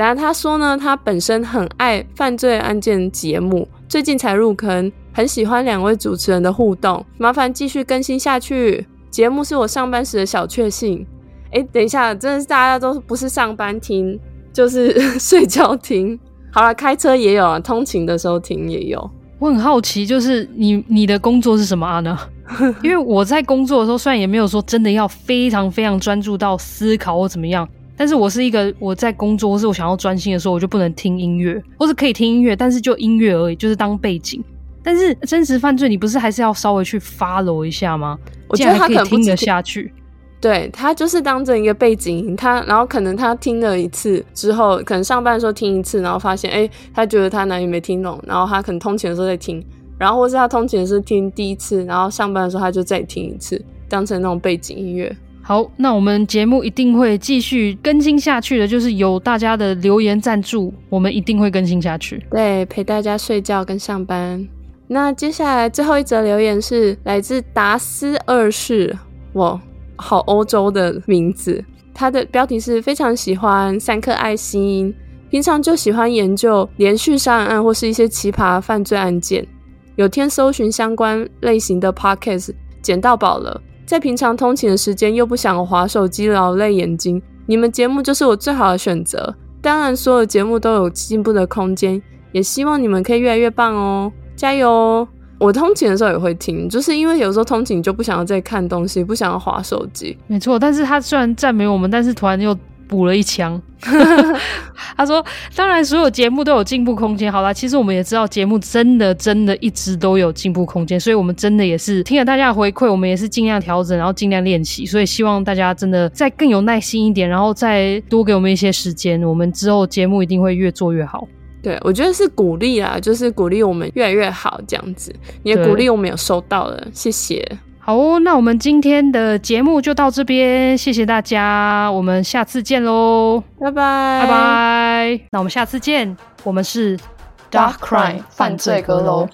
然後他說呢，他本身很愛犯罪案件節目，最近才入坑，很喜歡兩位主持人的互動，麻煩繼續更新下去。節目是我上班時的小確幸。誒、欸，等一下，真的是大家都不是上班聽，就是 [LAUGHS] 睡覺聽。好了，開車也有啦，通勤的時候聽也有。我很好奇，就是你你的工作是什麼啊？呢， [LAUGHS] 因為我在工作的時候，雖然也沒有說真的要非常非常專注到思考或怎麼樣。但是我是一個，我在工作或是我想要專心的時候，我就不能聽音樂，或是可以聽音樂，但是就音樂而已，就是當背景。但是真實犯罪你不是還是要稍微去 follow 一下嗎？下我覺得他可能聽得下去，對，他就是當成一個背景音。他然後可能他聽了一次之後，可能上班的時候聽一次，然後發現哎、欸，他覺得他哪裡沒聽懂，然後他可能通勤的時候再聽，然後或是他通勤的時候聽第一次，然後上班的時候他就再聽一次，當成那種背景音樂。好，那我們節目一定會繼續更新下去的，就是有大家的留言贊助，我們一定會更新下去。對，陪大家睡覺跟上班。那接下來最後一則留言是來自達斯二世，哇，好歐洲的名字。他的標題是非常喜歡三顆愛心，平常就喜歡研究連續殺人案或是一些奇葩犯罪案件。有天搜尋相關類型的 podcast，撿到寶了。在平常通勤的時間又不想滑手機、勞累眼睛，你們節目就是我最好的選擇。當然，所有節目都有進步的空間，也希望你們可以越來越棒哦，加油！我通勤的時候也會聽，就是因為有時候通勤就不想要再看東西，不想要滑手機。沒錯，但是他雖然讚美我們，但是突然又。補了一槍， [LAUGHS] 他說：“當然，所有節目都有進步空間。好啦，其實我們也知道節目真的真的一直都有進步空間，所以我們真的也是聽了大家的回饋，我們也是盡量調整，然後盡量練習。所以希望大家真的再更有耐心一點，然後再多給我們一些時間，我們之後節目一定會越做越好。對，我覺得是鼓勵啦，就是鼓勵我們越來越好這樣子。你的鼓勵我們有收到了，謝謝。”好、哦，那我們今天的節目就到這邊，謝謝大家，我們下次見嘍，拜拜，拜拜，bye bye 那我們下次見，我們是 DACH Crime 犯罪閣樓。